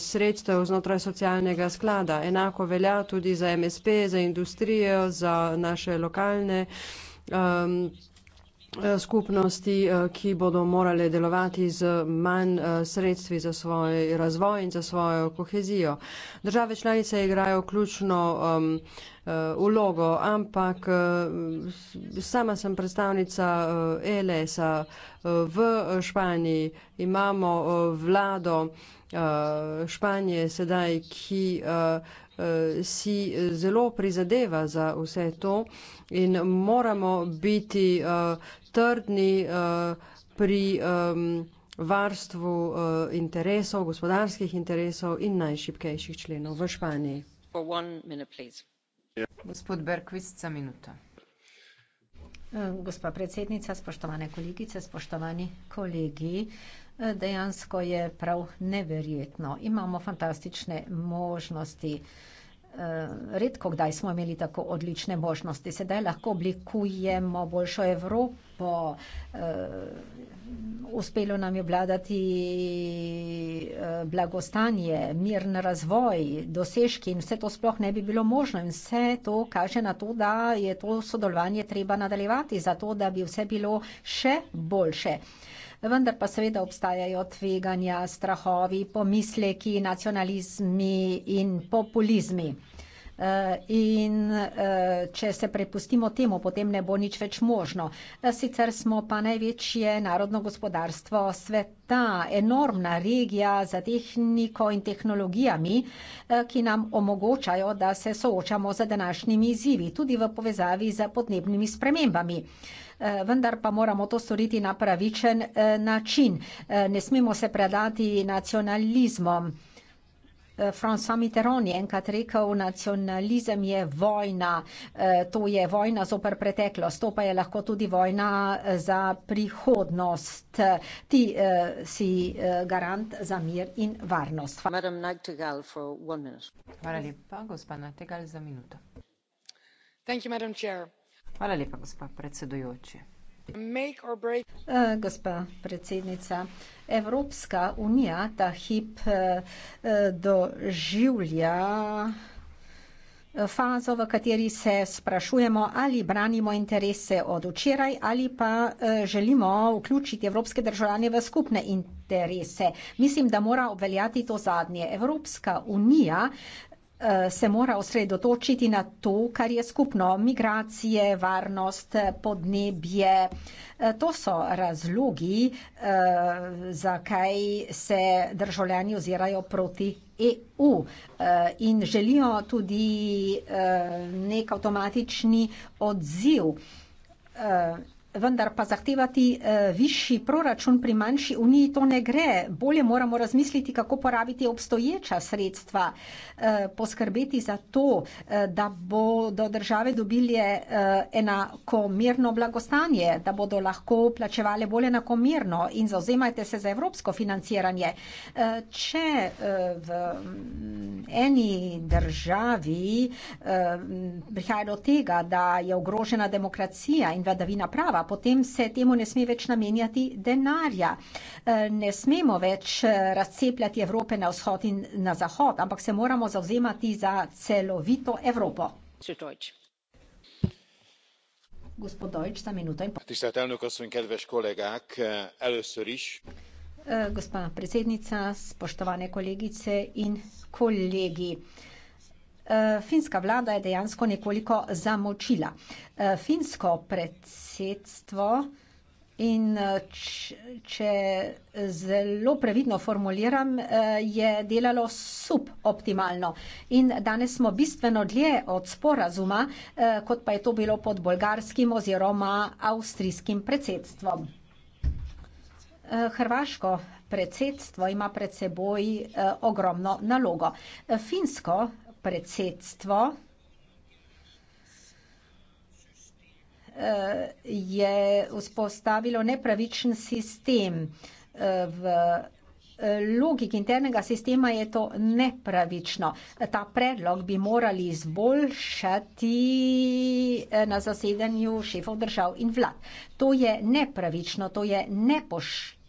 sredstev znotraj socialnega sklada. Enako velja tudi za MSP, za industrijo, za naše lokalne. Um, Eh, skupnosti, eh, ki bodo morale delovati z manj eh, sredstvi za svoj razvoj in za svojo kohezijo. Države članice igrajo ključno um, vlogo, ampak sama sem predstavnica ELS-a. V Španiji imamo vlado Španije sedaj, ki Eh, si eh, zelo prizadeva za vse to in moramo biti eh, trdni pri ehm, varstvu interesov, gospodarskih interesov in najšibkejših členov v Španiji. Gospod Berkvist, za minuto. Gospa predsednica, spoštovane kolegice, spoštovani kolegi dejansko je prav neverjetno. Imamo fantastične možnosti. Eh, redko kdaj smo imeli tako odlične možnosti. Sedaj lahko oblikujemo boljšo Evropo. Eh, uspelo nam je obladati eh, blagostanje, mirn razvoj, dosežki in vse to sploh ne bi bilo možno. In vse to kaže na to, da je to sodelovanje treba nadaljevati, zato da bi vse bilo še boljše vendar pa seveda obstajajo tveganja, strahovi, pomisleki, nacionalizmi in populizmi. Eh, in eh, če se prepustimo temu, potem ne bo nič več možno. Eh, sicer smo pa največje narodno gospodarstvo sveta, enormna regija za tehniko in tehnologijami, ki nam omogočajo, da se soočamo z današnjimi izzivi, tudi v povezavi z podnebnimi spremembami. Eh, vendar pa moramo to storiti na pravičen eh, način. Eh, ne smemo se predati nacionalizmom. François Mitterrand je enkrat rekel, nacionalizem je vojna, to je vojna zoper preteklost, to pa je lahko tudi vojna za prihodnost. Ti si garant za mir in varnost. Hvala lepa, gospod Nategal, za minuto. Thank you, Madam Chair. Hvala lepa, gospa predsedujoči. Uh, gospa predsednica, Evropska unija ta hip uh, doživlja fazo, v kateri se sprašujemo, ali branimo interese od včeraj ali pa želimo vključiti evropske državljane v skupne interese. Mislim, da mora obveljati to zadnje. Evropska unija Eh, se mora osredotočiti na to, kar je skupno. Migracije, varnost, podnebje. Eh, to so razlogi, eh, zakaj se državljani ozirajo proti EU in želijo tudi nek avtomatični odziv vendar pa zahtevati eh, višji proračun pri manjši uniji to ne gre. Bolje moramo razmisliti, kako porabiti obstoječa sredstva, eh, poskrbeti za to, eh, da bodo države dobile eh, enakomerno blagostanje, da bodo lahko plačevali bolje enakomerno in zauzemajte se za evropsko financiranje. Eh, če eh, v mm, eni državi eh, prihaja do tega, da je ogrožena demokracija in vladavina prava, država, potem se temu ne sme več namenjati denarja. E, ne smemo več e, razcepljati Evrope na vzhod in na zahod, ampak se moramo zauzemati za celovito Evropo. Gospod Dojč, za minuto in pol. E, gospa predsednica, spoštovane kolegice in kolegi. Eh, finska vlada je dejansko nekoliko zamočila. Eh, finsko predsedstvo in eh, če zelo previdno formuliram, je delalo suboptimalno. In danes smo bistveno dlje od sporazuma, kot pa je to bilo pod bolgarskim oziroma avstrijskim predsedstvom. Hrvaško predsedstvo ima pred seboj ogromno nalogo. Finsko predsedstvo eh, je vzpostavilo nepravičen sistem. Eh, v eh, logiki internega sistema je to nepravično. Ta predlog bi morali izboljšati na zasedanju šefov držav in vlad. To je nepravično, to je nepošteno